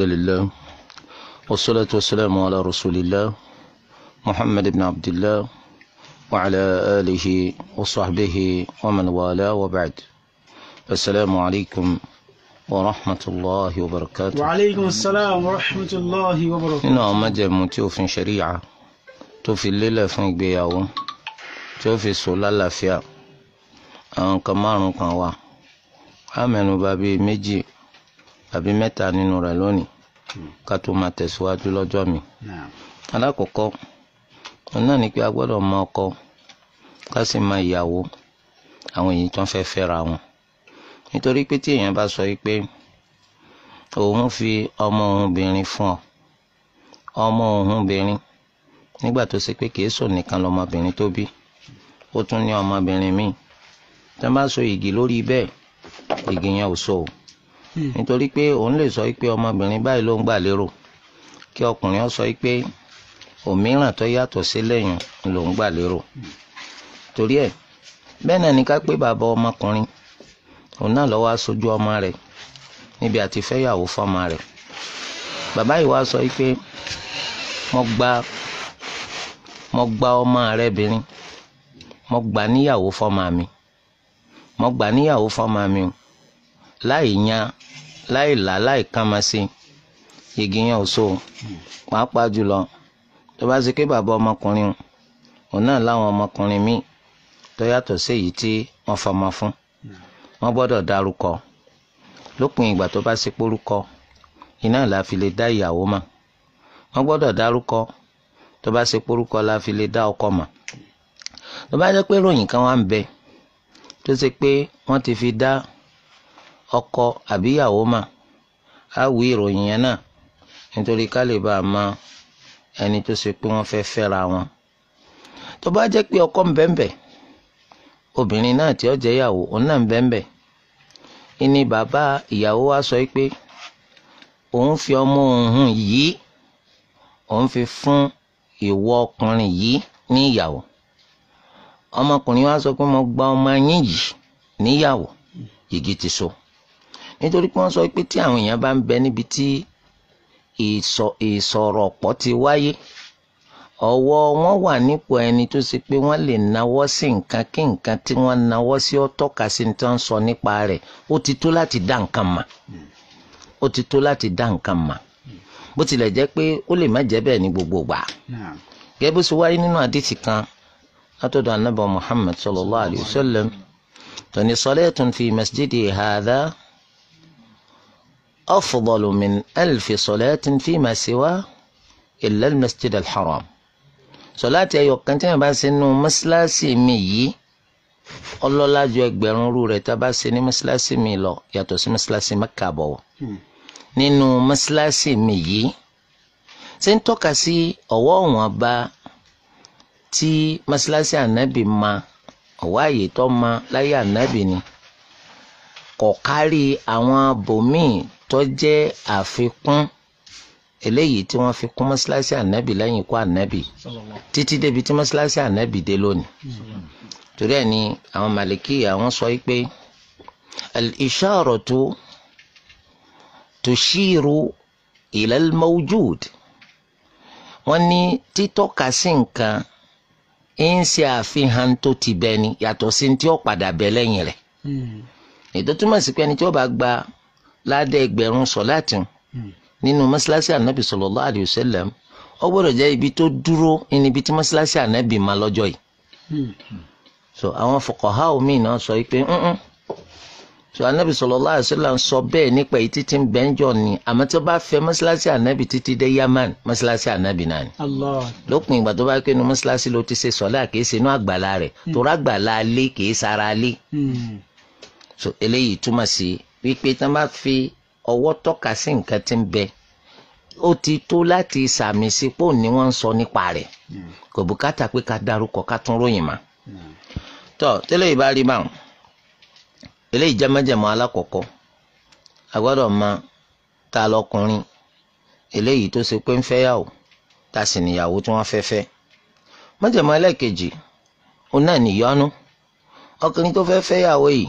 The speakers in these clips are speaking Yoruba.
الحمد لله والصلاة والسلام على رسول الله محمد بن عبد الله وعلى آله وصحبه ومن والاه وبعد السلام عليكم ورحمة الله وبركاته وعليكم السلام ورحمة الله وبركاته إنه مجد متوف شريعة توفي الليلة فنك بياو توفي سلالة فيها أنك مارن كان وا أمنوا بابي مجي àbí mẹ́ta nínú rẹ̀ lónìí ká tó máa tẹ̀síwájú lọ́jọ́ mi. alákọ̀ọ́kọ́ òun náà ni pé a gbọ́dọ̀ mọ ọkọ ká sì mọ ìyàwó àwọn èyí tó ń fẹ́ fẹ́ra wọn nítorí pé tí èèyàn bá sọ pé òun fi ọmọ òun obìnrin fún ọ ọmọ òun obìnrin nígbà tó ṣe pé kìí sùn nìkan lọmọbìnrin tó bí ó tún ní ọmọbìnrin míì tí wọ́n bá so igi lórí bẹ́ẹ̀ igi yẹn ò so o. Hmm. nítorí pé òun lè sọ pé ọmọbìnrin báyìí ló ń gbà lérò kí ọkùnrin ó sọ pé òmíràn tó yàtọ̀ sí lẹ́yìn ló ń gbà lérò torí ẹ̀ bẹ́ẹ̀ náà ni ká pé bàbá ọmọkùnrin òun náà lọ́wọ́ aṣojú ọmọ rẹ̀ níbi àti fẹ́yàwó fọ́mọ rẹ̀ bàbá yìí wá sọ pé mo gba mo gba ọmọ rẹ bìnrin mo gbà níyàwó fọ́mọ mi mo gbà níyàwó fọ́mọ mi láì yan láì là láì kánmọ sí igi yẹn ò so pàápàá jùlọ tó bá ṣe pé bàbá ọmọkùnrin òun náà láwọn ọmọkùnrin míì tó yàtọ̀ sí èyí tí wọ́n fọmọ fún wọ́n gbọ́dọ̀ dárúkọ lópin ìgbà tó bá ṣe pórúkọ iná la fi lè dá ìyàwó mọ̀ wọ́n gbọ́dọ̀ dárúkọ tó bá ṣe pórúkọ la fi lè dá ọkọ mọ̀ tó bá jẹ́ pé ròyìn kan wá ń bẹ tó ṣe pé wọ́n ti fi dá ọkọ àbíyàwó mà á wí ìròyìn yẹn náà nítorí ká lè bá a mọ ẹni tó ṣe pé wọ́n fẹ́ fẹ́ra wọn tó bá jẹ́ pé ọkọ ń bẹ́ńbẹ́ obìnrin náà tí ó jẹ́ ìyàwó òun náà ń bẹ́ńbẹ́ ìní bàbá ìyàwó wa sọ pé òun fi ọmọ òun yìí òun fi fún ìwọ ọkùnrin yìí ní ìyàwó ọmọkùnrin wa sọ pé mo gba ọmọ yín yìí níyàwó yìgì ti so nítorí pé wọ́n sọ pé tí àwọn èèyàn bá ń bẹ níbi tí ìsọ̀rọ̀pọ̀ ti wáyé ọwọ́ wọn wà nípò ẹni tó ṣe pé wọ́n lè nawọ́ sí nǹkan kí nǹkan tí wọ́n nawọ́ sí ó tọ́ka sí ní tí wọ́n sọ nípa rẹ̀ ó ti tó láti dá nǹkan mà ó ti tó láti dá nǹkan mà bó tilẹ̀ jẹ́ pé ó lè má jẹ́ bẹ́ẹ̀ ní gbogbo gbà gẹ́gẹ́ bó ṣe wáyé nínú àdìsí kan látọ̀dọ̀ anábọ̀ Muhammad sallallahu alayhi wa sallam tó ní fi masjidi hadha. أفضل من ألف صلاة فيما سواه إلا المسجد الحرام صلاة أيوة كنت بس إنه مسلسي مي ọlọ́lá ju ẹgbẹ̀rún rú rẹ̀ tá a bá ṣe ní mọ́ṣáláṣí mi lọ yàtọ̀ sí mọ́ṣáláṣí mẹ́kà bọ̀wọ̀ nínú mọ́ṣáláṣí mi yìí ṣe ń tọ́ka sí ọ̀wọ́ ọ̀wọ́n bá tí mọ́ṣáláṣí ànábì ma ọ̀wọ́ àyè tó ma láyé ànábì ni kò kárí àwọn bòmíì tó jẹ́ àfikún eléyìí tí wọ́n fi kún mọ́ṣáláṣí ànábì lẹ́yìn ikú ànábì títí débi tí mọ́ṣáláṣí ànábì dé lónìí torí ẹ̀ ni àwọn màlìkì àwọn sọ pé al-isharatu tushiru ila al-mawjud wọ́n ní títọ́ka sí nǹkan ń ṣe àfihàn tó ti bẹ ni yàtọ̀ sí ti ó padà bẹ lẹ́yìn rẹ̀ hmm. ètò túmọ̀ sí pé ẹni tí ó bá gba ládẹ́ ẹgbẹ̀rún sọ̀láàtì nínú mọ́ṣáláṣí ànábì sallallahu alayhi wa sallam ó gbọ́dọ̀ jẹ́ ibi tó dúró níbi tí mọ́ṣáláṣí ànábì máa lọ́jọ́ yìí. so àwọn fuqaha omi náà sọ pé so ànábì sallallahu alayhi wa sallam sọ bẹ́ẹ̀ nípa èyí títí ń bẹ́ ń jọ ni àmọ́ tó bá fẹ́ mọ́ṣáláṣí ànábì títí dé Yaman mọ́ṣáláṣí ànábì náà ni. lópin ìgbà tó bá pé inú mọ́ṣáláṣí ló ti ṣe hmm. hmm. so eléyìí túmọ̀ sí wípé tán bá fi ọwọ́ tọ́ka sí nǹkan tí ń bẹ ó ti tó láti sàmì sípò ni wọ́n ń sọ nípa rẹ̀ hmm. kò bùkátà pé ká darúkọ ká tún ròyìn mà. Hmm. tọ́ tẹ́lẹ̀ ìbá rí báwọn eléyìí jẹ́ mẹ́jẹ̀mọ́ alákọ̀ọ́kọ́ a gbọ́dọ̀ mọ ta lọkùnrin eléyìí tó ṣe pé ń fẹ́yàwó ta sì níyàwó tí wọ́n fẹ́ fẹ́ mẹ́jẹ̀mọ́ ẹlẹ́ẹ̀kejì òun náà nìyọnu ọkùnrin tó fẹ́ fẹ́yàwó yìí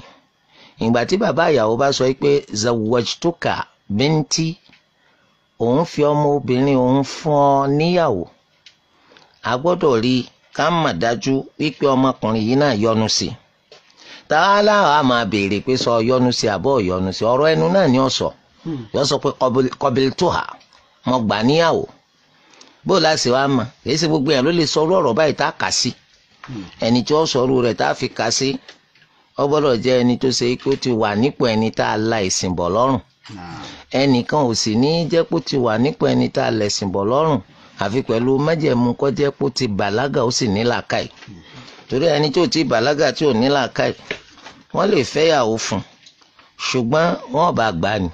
ìgbà tí bàbá ìyàwó bá sọ pé zawajtuka bíntín òun fi ọmọ obìnrin òun fún ọ níyàwó a gbọ́dọ̀ rí ká mà dájú wípé ọmọkùnrin yìí náà yọnu sí i tààlà a máa béèrè pé sọ yọnu sí àbọ̀ yọnu sí ọ̀rọ̀ ẹnu náà ni ó sọ hmm. yọ sọ pé kọbìlì tó hà mo gbà níyàwó bó láti wá mà èsì gbogbo yẹn ló lè sọ ọ̀rọ̀ báyìí tá a kà sí hmm. ẹni tí ó sọ ọ̀rọ̀ rẹ̀ tá a fi kà sí ó gbọ́dọ̀ jẹ́ ẹni tó ṣe pé ó ti wà nípò ẹni tá a la ìsìn bọ̀ lọ́rùn ẹnìkan ò sì ní jẹ́ pé ó ti wà nípò ẹni tá a la ìsìn bọ̀ lọ́rùn àfi pẹ̀lú májẹ̀mú kó jẹ́ pé ó ti bàlágà ó sì ní làákàyè torí ẹni tó ti bàlágà tí ò ní làákàyè wọ́n lè fẹ́yàwó fún ṣùgbọ́n wọ́n bá gbà ní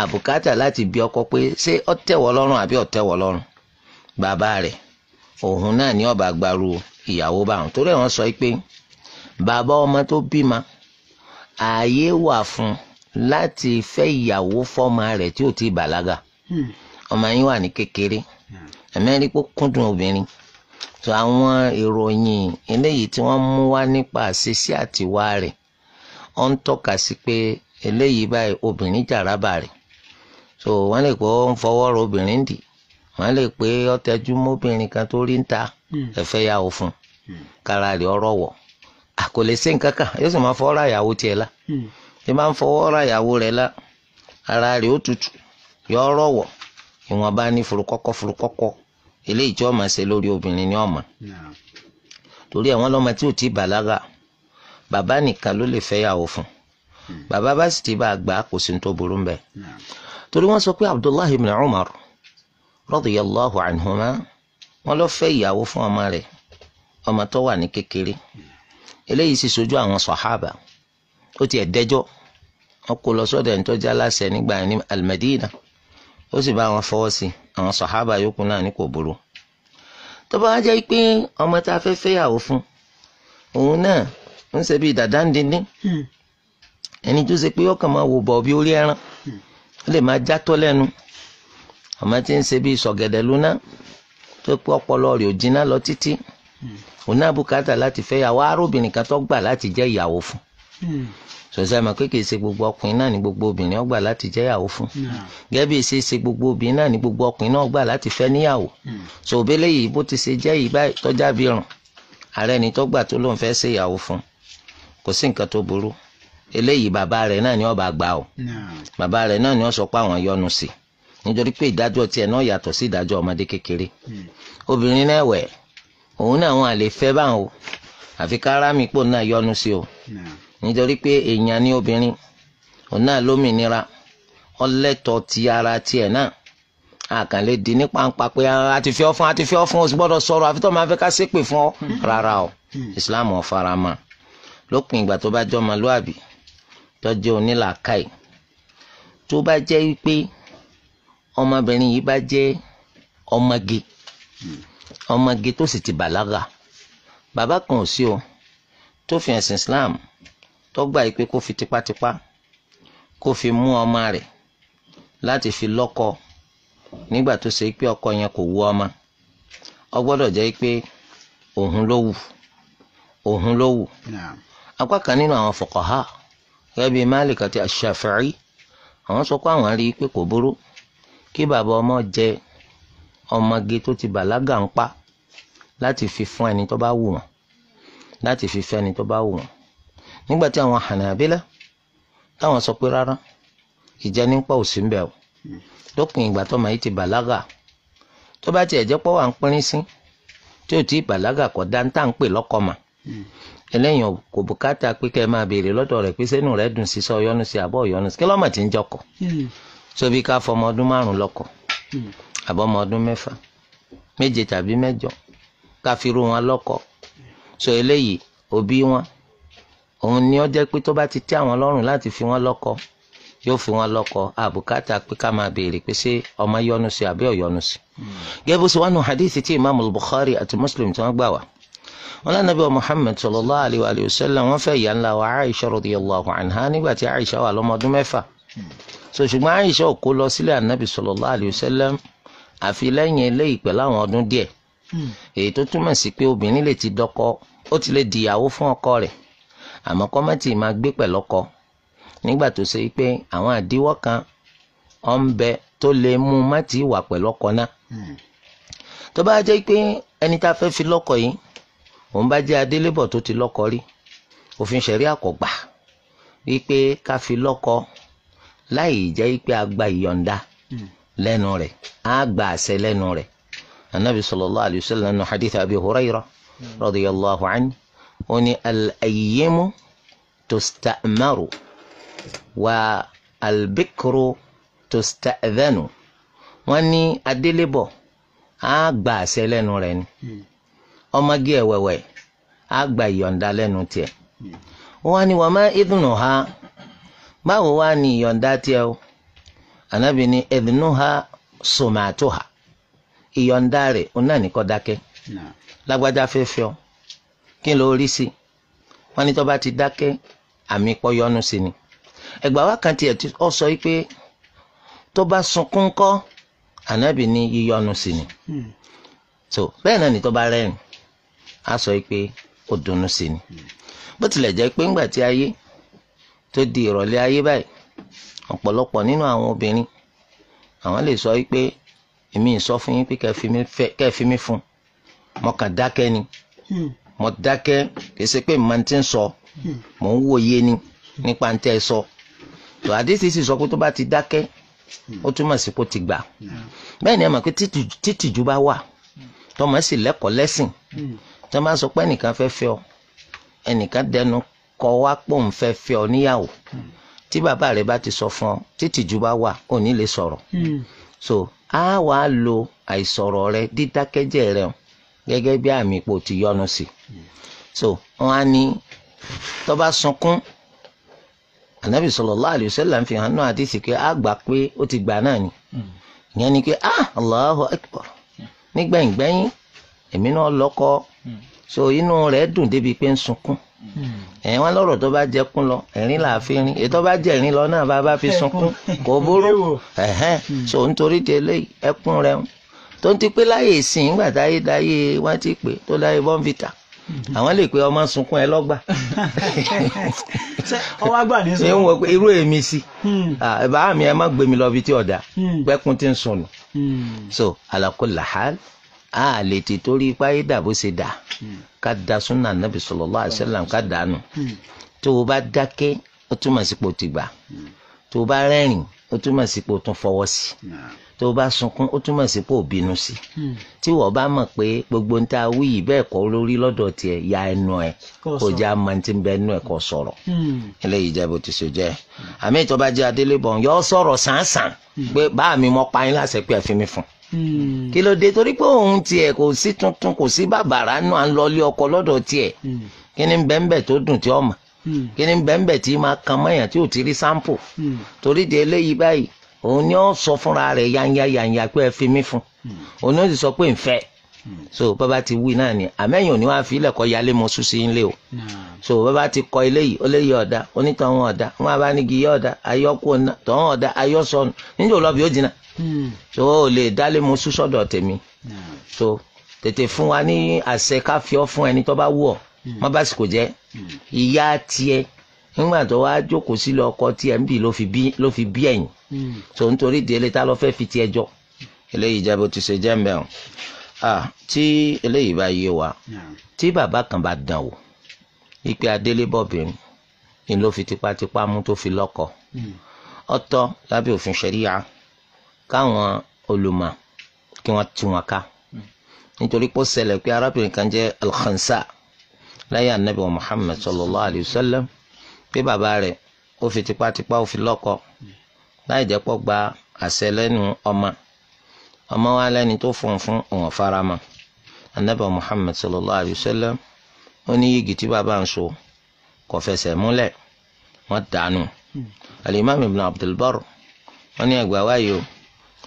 àbùkátà láti bí ọkọ pé ṣé ó tẹ́wọ́ lọ́rùn àbí ó tẹ́wọ́ lọ́rùn bàbá rẹ̀ òun náà ni ó bá gbaru ìyàwó bá wọn torí wọ́n sọ pé bàbá ọmọ tó bímọ ààyè wà fún láti fẹ́ ìyàwó fọ́mọ rẹ̀ tí ò ti bàlágà hmm. ọmọ yín wà ní kékeré ẹ̀mẹ́rin pé kúndùn obìnrin tó àwọn ìròyìn eléyìí tí wọ́n mú wá nípa àṣìṣe àtiwá rẹ̀ ó ń tọ́ka sí pé eléyìí báyìí obìnrin jàrábà rẹ̀ so wọ́n lè pé ó ń fọwọ́ rọ obìnrin dì wọ́n lè pé ó tẹjú mọ́bìnrin kan tó rí ń ta hmm. ẹ̀fẹ́ yà ó fún hmm. kára rẹ̀ ọ̀rọ̀ wọ̀ Ah, kò lè ṣe nǹkan kan yóò sì máa fọwọ́ ra ìyàwó tiẹ̀ la hmm. tí máa ń fọwọ́ ra ìyàwó rẹ̀ ara rẹ̀ ó tutù yọ rọ̀wọ̀ ìwọ̀nba ní furukọ́kọ́ furukọ́kọ́ eléyìí tí wọ́n máa ṣe lórí obìnrin torí àwọn tí ò tí bàbá nìkan ló lè fẹ́ yàwó fún hmm. bàbá bá sì ti bá a gbà ní Abdullahi ibn Umar wọ́n lọ fẹ́ ìyàwó fún ọmọ rẹ̀ ọmọ tó wà ní kékeré. Yeah. eléyìí sì sojú àwọn sọ̀hábà ó tiẹ̀ dẹ́jọ́ wọn kó lọ sọ́dọ̀ ẹni tó jẹ́ aláṣẹ nígbà ní almadina ó sì bá wọn fọwọ́ sí àwọn sọ̀hábà yòókù náà ní kò burú tó bá jẹ́ pé ọmọ tá a fẹ́ fẹ́yàwó fún òun náà ń ṣe bíi dàdá ń dindín hmm. ẹni tó ṣe pé ọkàn máa wò bọ̀ bí orí ẹran hmm. ó lè máa játọ́ lẹ́nu ọmọ tí ń ṣe bíi sọ̀gẹ̀dẹ̀ lóná tó pé ọpọlọ rẹ̀ ò jiná lọ títí Hmm. òun náà bùkátà láti fẹ́ yàwó arábìnrin kan tó gbà láti jẹ́ ìyàwó fún hmm. sọ̀sẹ́ mọ̀ pé kìí ṣe gbogbo ọkùnrin náà ní gbogbo obìnrin ó gbà láti jẹ́ ìyàwó fún hmm. gẹ́gẹ́ bí ṣe ṣe gbogbo obìnrin náà ní gbogbo ọkùnrin náà ó gbà láti fẹ́ níyàwó sọ òbélé yìí bó ti ṣe jẹ́ yìí báyìí bí rùn ààrẹ ni tó gbà tó lóun fẹ́ ṣe ìyàwó fún kò sí nǹkan tó burú eléyìí bàbá rẹ̀ náà ni ó gbà o bàbá rẹ̀ náà ni ó sọ pé àwọn yọnu sí nítorí pé ìdájọ́ tiẹ̀ náà yàtọ̀ sí ìdájọ́ ọmọdé kékeré obìnrin náà wẹ̀ òun náà wọn à lè fẹ́ báwọn o àfi kára mi pò náà yọnu sí o nítorí pé èèyàn ní obìnrin òun náà lómìnira ọlẹ́tọ̀ ti ara tiẹ̀ náà àkànlé di ní pàǹpà pé a ti fi ọ́ fún a ti fi ọ́ fún o sì gbọ́dọ̀ sọ̀rọ̀ àfi tó máa fẹ́ ká ṣépè fún ọ hmm. rárá o hmm. Islam ò fara mọ́ lópin ìgbà tó bá jẹ́ ọmọlúàbí tó onílàákàyè tó bá jẹ́ pé ọmọbìnrin yìí bá jẹ́ ọmọge. Hmm ọmọge tó sì ti bàlágà bàbá kan ò sí o tó fi ẹ̀sìn Islam tó gbà pé kó fi tipátipá kó fi mú ọmọ rẹ̀ láti fi lọ́kọ nígbà tó ṣe pé ọkọ yẹn kò wù ọmọ ọ gbọ́dọ̀ jẹ́ pé òun ló wù òun ló wù apá kan nínú àwọn fuqaha gẹ́gẹ́ bíi Malik àti Shafi'i àwọn sọ pé àwọn rí i pé kò burú kí bàbá ọmọ jẹ́ ọmọge tó ti bàlágà ń pa láti fi fún ẹni tó bá wù wọ́n láti fi fẹ́ ẹni tó bá wù wọ́n nígbà tí àwọn Hanabila táwọn sọ pé rárá ìjẹnipa ò sí ń bẹ̀ o lópin ìgbà tó máa yìí ti bàlágà tó bá tiẹ̀ jẹ́ pọ́ wà ń pínrín sí tí ò tí ì bàlágà kọ́ dáńtà ń pè lọ́kọ mà eléyìí kò bùkátà pé kẹ́ ẹ máa béèrè lọ́dọ̀ rẹ̀ pé sẹ́nu rẹ̀ dùn sí sọ ọyọ́nu sí àbọ̀ ọyọ́nu sí kí lọ́mọ̀ tí ń jọkọ̀ so hmm. ká fọmọ ọdún márùn-ún lọ́kọ hmm àbọ̀mọ ọdún mẹ́fà méje tàbí mẹ́jọ káfíró wọn lọ́kọ sọ eléyìí òbí wọn òun ni ó jẹ́ pé tó bá ti tẹ́ àwọn lọ́rùn láti fi wọn lọ́kọ yóò fi wọn lọ́kọ àbùkátà pé ká máa béèrè pé ṣé ọmọ yọnu sí àbí ọ̀yọnu sí. gẹ́gẹ́ bó ṣe wá nu hadith tí imam bukhari àti muslim tí wọ́n gbà wá wọn lánàbí muhammed sallallahu alayhi wa alayhi wa sallam wọ́n fẹ́ ìyá ńlá wa aisha radiyallahu anha nígbà tí aisha wà lọ́mọ mẹ́fà so ṣùgbọ́n aisha ò kó lọ sílé anabi sallallahu alayhi wa sallam àfi lẹ́yìn eléyìí pẹ̀lú àwọn ọdún díẹ̀ hmm. èyí tó túmọ̀ sí pé obìnrin lè ti dọ́kọ ó ti lè dìyàwó fún ọkọ rẹ̀ àmọ́ kọ́mẹ́tì máa gbé pẹ̀lọ́kọ nígbà tó ṣe pé àwọn àdíwọ́ kan ọ̀ ń bẹ tó lè mú má ti wà pẹ̀lọ́kọ náà hmm. tó bá jẹ́ pé ẹni tá a fẹ́ fi lọ́kọ yìí òun bá jẹ́ adélébọ̀ tó ti lọ́kọ rí òfin ṣẹ̀rí àkọ́gbà wípé ká fi lọ́kọ láì jẹ́ pé a gba ìyọ̀ǹda hmm lẹ́nu rẹ̀ á gba àṣẹ lẹ́nu rẹ̀ anabi sallallahu alayhi wa sallam nínú hadith abi hurayra radiyallahu anhu ó ní al-ayyimu tusta'maru wa al-bikru tusta'dhanu wọ́n ní adélébọ̀ á gba àṣẹ lẹ́nu rẹ̀ ni ọmọge ẹ̀wẹ̀wẹ̀ á gba ìyọ̀ǹda lẹ́nu tiẹ̀ wọ́n ní wa ma idhnuha báwo wá ní ìyọ̀ǹda tiẹ̀ o anabi ni ẹdínúha somatoha ìyọ̀ǹda rẹ̀ òun náà ní kó dákẹ́ lágbájá fẹ́ fẹ́ ọ kí ló rí sí wọn ní tó bá ti dákẹ́ àmì pọ́yọ́nù sí ni ẹgbàá wa kan tiẹ̀ ọ sọ pé tó bá sunkún kọ́ anabi ní yíyọ́nù sí ni hmm. so bẹ́ẹ̀ náà ní tó bá rẹ́rìn á sọ pé ó dunnú sí ni hmm. bó tilẹ̀ jẹ́ pé ńgbà tí ayé tó di ìrọ̀lẹ́ ayé báyìí ọ̀pọ̀lọpọ̀ nínú àwọn obìnrin àwọn lè sọ wípé èmi sọ fún yín pé kẹ́ ẹ fi mí fún mo kàn dákẹ́ ni hmm. mo dákẹ́ kì í ṣe pé màá ti ń sọ hmm. mò ń wòye ni nípa ń tẹ́ ẹ sọ tó àdìsí sì sọ pé tó bá ti dákẹ́ ó túmọ̀ sí kó ti gbà bẹ́ẹ̀ ni ẹ mọ̀ pé títìjú bá wà tọmọ sì lẹ́kọ̀ọ́ lẹ́sìn hmm. tó máa sọ pé ẹnìkan fẹ́ fẹ́ ọ ẹnìkan dẹnu kọ wá pòun fẹ́ fẹ́ ọ níyàwó tí bàbá rẹ bá ti sọ fún ọ títí ju bá wà ò ní lè sọ̀rọ̀ hmm. so a wà á lo àìsọ̀rọ̀ rẹ dídákẹ́jẹ́ rẹ gẹ́gẹ́ bí àmì ipò ti yọnu sí so wọn á ní tó bá sunkún anabi sallallahu alayhi wa sallam fi hàn náà àdìsí pé a gbà pé ó ti gbà náà ni hmm. ìyẹn ni pé ah Allahu akbar nígbẹ̀yìngbẹ̀yìn èmi náà lọ́kọ́ hmm. so inú rẹ̀ dùn débi pé ń sunkún. Mm ẹ̀ wọ́n lọ́rọ̀ tó bá jẹ kún lọ ẹ̀rín là á fi rin ètò bá jẹ ẹ̀rín lọ náà bàbá fi sunkún kò burú ẹ̀hẹ́n so nítorí tẹ́lẹ̀ ẹkún rẹ̀ ń tó ń ti pé láyè ìsìn ìgbà táyé dáyé wọ́n ti pè tó dáyé bọ́ǹfìtà mm-hmm. àwọn lè pe ọmọ sunkún ẹ lọ́gbà. ọwọ́ àgbà ní sọ. ìwọ irú èmi sí hmm. bàá mi ẹ má gbé mi lọ bí tí ọ̀dà hmm. pẹ́kun ti ń sọnù hmm. so alakola hal a lè ti torí ipá yé dà bó ṣe dà hmm. ká da súnà nàbì sallallahu alaihi wasallam ká dànù hmm. tó o bá dákẹ́ ó túmọ̀ sí pò ti gbà hmm. tó o bá rẹ́rìn ó túmọ̀ sí pò tún fọwọ́ sí tó o bá sunkún ó túmọ̀ sí pò bínú sí tí wọ́n bá mọ̀ pé gbogbo ń ta wí yìí bẹ́ẹ̀ kọ́ lórí lọ́dọ̀ tiẹ̀ ya ẹnu ẹ̀ kó já máa ti bẹ ẹnu ẹ̀ kó sọ̀rọ̀ eléyìí jẹ́ bó ti ṣe jẹ́ àmì ìtọ́ba adélébọ̀n yọ Hmm. kí ló dé torí pé òun tiẹ̀ kò sí tuntun kò sí bàbàrà nù à ń lọ ilé ọkọ lọ́dọ̀ tiẹ̀ hmm. kí ni bẹ́ńbẹ́ tó dùn tí ó mọ̀ hmm. kí ni bẹ́ńbẹ́ tí máa kan mọ́yàn tí ò ti rí sampo torí de eléyìí báyìí òun ni ó sọ fúnra rẹ̀ yanya yanya pé ẹ fi mí fún òun ni ó sì sọ pé ń fẹ́ so bàbá ti wí náà ni àmẹ́yìn òní wàá fi ilẹ̀ kọ́ yálé mo sùn sí o so bàbá ti kọ́ ilé yìí ó lé yìí ọ̀dà onítọ̀hún ọ̀dà wọn bá nígi yìí ọ̀dà ayọ́kú tọ̀hún ọ̀dà ayọ́sọ̀nù níjẹ́ òlọ́bì ó jìnnà hmm. so ó lè dálé mo sùn tèmi so tètè fún wa ní àṣẹ káfíọ́ fún ẹni tó bá wù ọ́ hmm. má bá sì kò jẹ́ hmm. ìyá tiẹ̀ nígbà tó wá jókòó sílé ọkọ tiẹ̀ ń bì ló fi bí ẹ̀yìn so nítorí délé ta ló fẹ́ fi tiẹ̀ jọ eléyìí jẹ́ ti ṣe jẹ́ mbẹ́ o ah tí eléyìí bá yé wa tí bàbá kan bá dàn wò ipe adélébọ̀bìnrin ni ló fi tipátipá mú tó fi lọ́kọ hmm. ọ̀tọ̀ lábẹ́ òfin ṣẹ̀ríya káwọn olùmọ̀ kí wọ́n tú wọn ká hmm. nítorí pé ó ṣẹlẹ̀ pé arábìnrin kan jẹ́ alkhansa láyé anabi wa muhammed sallallahu alayhi wa sallam pé bàbá rẹ̀ ó fi tipátipá ó fi lọ́kọ hmm. láì jẹ́ gba àṣẹ lẹ́nu ọmọ ọmọ wa lẹ́ni tó fún un fún òun farama anabi muhammad sallallahu alayhi wa sallam ó ní yìgì tí bàbá ń so kò fẹsẹ̀ múlẹ̀ wọ́n dànù alimami ibn abdulbar wọ́n ní ẹgbẹ́ wa yìí o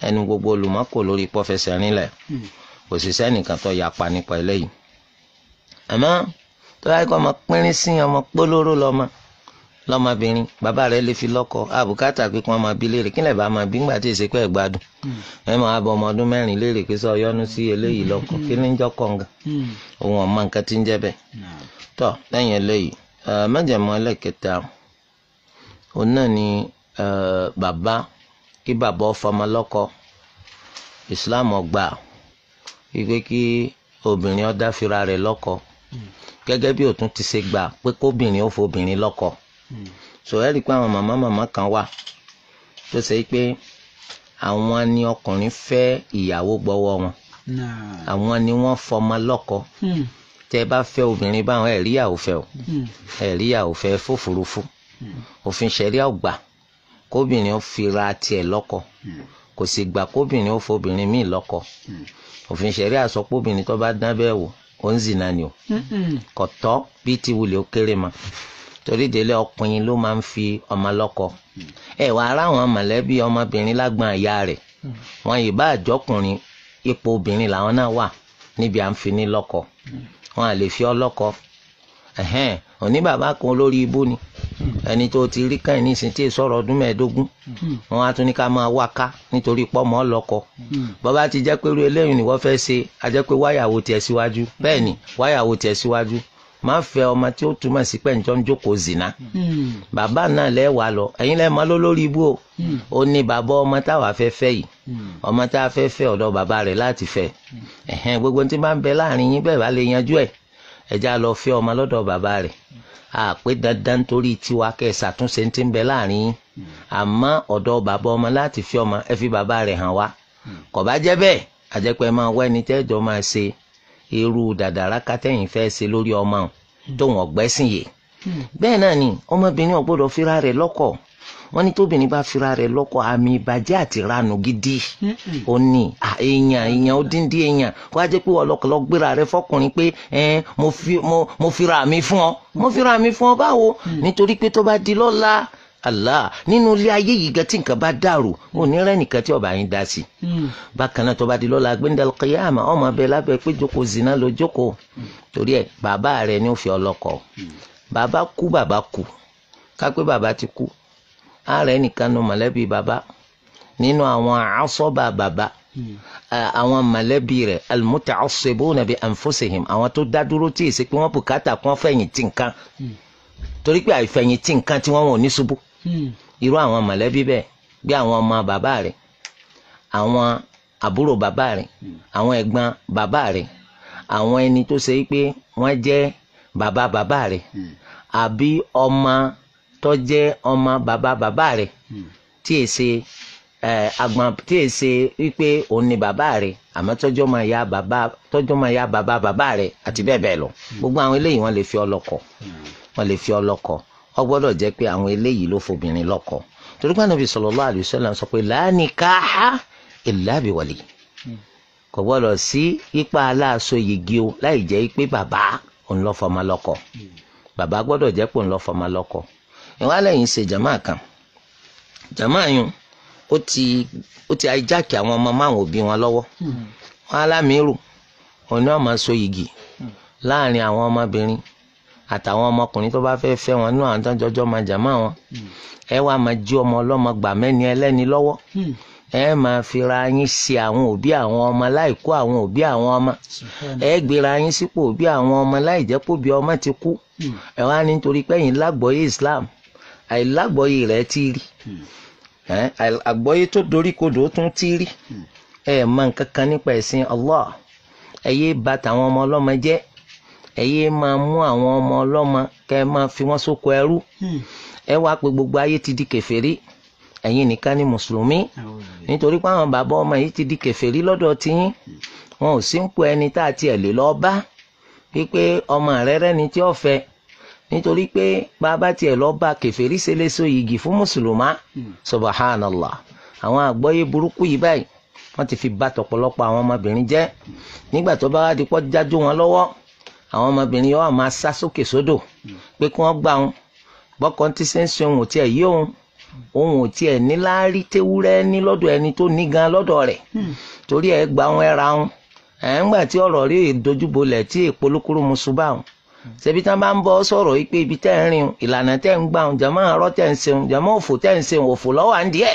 ẹnu gbogbo olùmọ́kò lórí pọ́fẹsẹ̀ rinlẹ̀ kò sì sẹ́nìkan tó yapa nípa eléyìí àmọ́ tó yà kọ́ ọmọ pínrín sí ọmọ pólóró lọ́mọ lọ́mọbìnrin bàbá rẹ̀ lè fi lọ́kọ àbùkátà pé kí wọ́n máa bí léèrè kílẹ̀ bá máa bí ńgbà tí èsì pẹ́ gbádùn hmm. ẹ máa bọ ọmọ ọdún mẹ́rin léèrè pé sọ yọnu sí eléyìí hmm. lọ́kọ kí hmm. ní jọ́ kọ̀ǹgà òun ọ̀ma nǹkan tí ń jẹ́ bẹ́ẹ̀ tọ́ lẹ́yìn eléyìí mẹ́jẹ̀mọ́ ẹlẹ́kẹta òun náà ni bàbá kí bàbá ọfọmọ lọ́kọ Islam ọgbà wípé kí obìnrin ó fira rẹ̀ lọ́kọ gẹ́gẹ́ bí òtún ti ṣe gbà pé kóbìnrin ó fobìnrin lọ́kọ so ẹ rí i pé àwọn màmá màmá kan wà tó ṣe pé àwọn ni ọkùnrin fẹ́ ìyàwó gbọ́wọ́ wọn àwọn ni wọ́n fọmọ lọ́kọ hmm. tẹ bá fẹ́ obìnrin báwọn ẹ̀ ríyàwó fẹ́ o hmm. ẹ̀ ríyàwó fẹ́ fòfurufú hmm. òfin ṣẹ̀ríà ò gbà kóbìnrin ó fi ra tiẹ̀ lọ́kọ kò sì gbà kóbìnrin ó fobìnrin míì lọ́kọ òfin ṣẹ̀ríà sọ kóbìnrin tó bá dán wò ó ń zìnà ni o kò tọ́ ti wulẹ̀ ó kéré ma. Mm -mm torí délé ọkùnrin ló máa ń fi ọmọ lọ́kọ ẹ wàá ráwọn mọ̀lẹ́bí ọmọbìnrin lágbọ̀n ìyá rẹ̀ wọn yìí bá àjọkùnrin ipò obìnrin làwọn náà wà níbi à ń fi ní lọ́kọ wọn à lè fi ọ lọ́kọ ẹ̀hẹ́n òní bàbá kan olórí ibú ni ẹni tó ti rí kàn nísìnyí tí sọ̀rọ̀ ọdún mẹ́ẹ̀ẹ́dógún wọn á tún ní ká máa wá ká nítorí pọ́mọ́ lọ́kọ bọ́bá ti jẹ́ pé irú eléyìí ni wọ́n fẹ́ ṣe a jẹ́ pé wáyàwó tiẹ̀ síwájú bẹ́ẹ̀ ni wáyàwó tiẹ̀ síwájú máa fẹ́ ọmọ tí ó túmọ̀ sí pé njọ́ ń jókòó zina bàbá náà lẹ́wàá lọ ẹ̀yin lẹ́ẹ̀ máa ló lórí ibú o ó ní bàbá ọmọ táwa fẹ́ fẹ́ yìí ọmọ tá a fẹ́ fẹ́ ọ̀dọ̀ bàbá rẹ̀ láti fẹ́ ẹ̀hẹ́n gbogbo tí bá ń bẹ láàrin yín bẹ́ẹ̀ bá lè yanjú ẹ̀ ẹ̀já lọ fẹ́ ọmọ lọ́dọ̀ bàbá rẹ̀ àpé dandan torí tiwa kẹ́ ẹ̀ ṣàtúnṣe ti ń bẹ láàrin yín àmọ́ ọ̀dọ̀ bàbá ọmọ láti fẹ́ ọmọ ẹ fi bàbá rẹ̀ hàn wá kò bá jẹ́ bẹ́ẹ̀ àjẹpẹ́ máa wẹ́ni tẹ́jọ́ irú dàdàrà kátẹ́yìn fẹ́ ṣe lórí ọmọ tóun ọ̀gbẹ́sìn yìí hmm. bẹ́ẹ̀ náà ni ọmọbìnrin ò gbọ́dọ̀ fira rẹ̀ lọ́kọ wọ́n ní tóbìnrin bá fira rẹ̀ lọ́kọ àmì ìbàjẹ́ àti ranu gidi hmm. ó ní èèyàn èèyàn ó dín dín èèyàn kó a jẹ́ pé ọlọ́kọ̀lọ́ gbéra rẹ̀ fọkùnrin pé mo fira mi fún ọ mo fira mi fún ọ báwo hmm. nítorí pé tó bá di lọ́la Allah nínú ilé ayé yìí gan tí nǹkan bá dàrú mo ní rẹ́nìkan tí ọba yín dá sí i hmm. bákan náà tó bá di lọ́la gbẹ́ndàlù kìyàmà ọmọ abẹ́ lábẹ́ pé jókòó zina ló jókòó torí ẹ̀ bàbá rẹ̀ ní òfin ọlọ́kọ bàbá kú bàbá kú kápẹ́ bàbá ti kú ààrẹ nìkan nu mọ̀lẹ́bí bàbá nínú àwọn àásọ́bà bàbá àwọn mọ̀lẹ́bí rẹ̀ al-muta'assibuna bi anfusihim àwọn tó dá tí èsì hmm. torí pé àìfẹ̀yìntì nǹkan tí wọ́n wọ̀ ní ṣubú irú àwọn mọ̀lẹ́bí bẹ́ẹ̀ bí àwọn ọmọ bàbá rẹ̀ àwọn àbúrò bàbá rẹ̀ àwọn ẹ̀gbọ́n bàbá rẹ̀ àwọn ẹni tó ṣe pé wọ́n jẹ́ bàbá bàbá rẹ̀ àbí ọmọ tó jẹ́ ọmọ bàbá bàbá rẹ̀ tí è ṣe agbọn tí è ṣe wípé òun ni bàbá rẹ̀ àmọ́ tọ́jọ́ máa ya bàbá tọ́jọ́ máa ya bàbá bàbá rẹ̀ àti bẹ́ẹ̀ bẹ́ẹ̀ lọ gbogbo àwọn eléyìí wọ́n lè fi ọlọ́kọ̀ wọ́n lè fi ọlọ́kọ̀ ó gbọ́dọ̀ jẹ́ pé àwọn eléyìí ló fobìnrin lọ́kọ torí pé Ànábì sallallahu alaihi wasallam sọ pé la nikaha illa bi wali hmm. kò gbọ́dọ̀ sí ipa aláàṣọ yìgì o láì jẹ́ pé bàbá òun ló fọmọ lọ́kọ hmm. bàbá gbọ́dọ̀ jẹ́ pé òun ló fọmọ lọ́kọ ìwọ́n lẹ́yìn ṣe jàmáà kan jàmáà yun ó ti ó ti ajáàkì àwọn ọmọ máwọn òbí wọn lọ́wọ́ hmm. wọn alámìíràn òun ni wọ́n máa yìgì láàrin àwọn ọmọbìnrin àtàwọn ọmọkùnrin tó bá fẹ́ fẹ́ wọn nínú àwọn tó ń jọjọ́ máa jàmọ́ àwọn ẹ wá máa jí ọmọ ọlọ́mọ gbà mẹ́ni ẹlẹ́ni lọ́wọ́ ẹ máa fira yín ṣe àwọn òbí àwọn ọmọ láì kó àwọn òbí àwọn ọmọ ẹ gbéra yín sípò òbí àwọn ọmọ láì jẹ́ pò ọmọ ti kú ẹ wá nítorí pé ẹ̀yin lágbọ́yé Islam àìlágbọ́yé rẹ̀ ti rí àgbọ́yé tó dorí kodò tún ti rí ẹ mọ nǹkan kan nípa ẹ̀sìn Allah ẹ yé bàtà àwọn ọmọ ọlọ́mọ jẹ́ ẹ yéé máa mú àwọn ọmọ ọlọ́mọ kẹ́ ẹ máa fi wọ́n sóko ẹrú hmm. ẹ wá pé gbogbo ayé ti di kèfèrí ẹ̀yin nìkan ni mùsùlùmí nítorí pé àwọn bàbá ọmọ yìí ti di kèfèrí lọ́dọ̀ tiyín wọn ò sí ń pò ẹni tá a tiẹ̀ lè lọ bá wípé ọmọ rẹ rẹ́ni tí ó fẹ́ nítorí pé bàbá tiẹ̀ lọ bá kèfèrí ṣe lè fún mùsùlùmá hmm. subhanallah àwọn àgbọ́yé burúkú yìí báyìí wọ́n ti fi bá tọ̀pọ̀lọpọ̀ àwọn ọmọbìnrin jẹ́ nígbà tó bá wá di pọ́ jájú wọn lọ́wọ́ àwọn ọmọbìnrin yóò máa sá sókè sódò hmm. pé kí wọ́n gbà wọn bọ́kàn tí ṣe ń ṣe ohun tí ẹ̀ yí òun hmm. ohun ò tiẹ̀ níláárí tewúrẹ́ ní lọ́dọ̀ ẹni tó ní gan lọ́dọ̀ rẹ̀ hmm. torí ẹ̀ gba wọn ẹra wọn ẹ̀ ń gbà tí ọ̀rọ̀ rí ìdojúbolẹ̀ tí ìpolókúrú musu bá wọn ṣebí tán bá ń bọ́ sọ̀rọ̀ yìí pé ibi tẹ́ ń rìn ìlànà tẹ́ ń gbà wọn jàmọ́ àárọ̀ tẹ́ ń ṣeun jàmọ́ òfò tẹ́ ń ṣeun òfò lọ́wọ́ à ń díẹ̀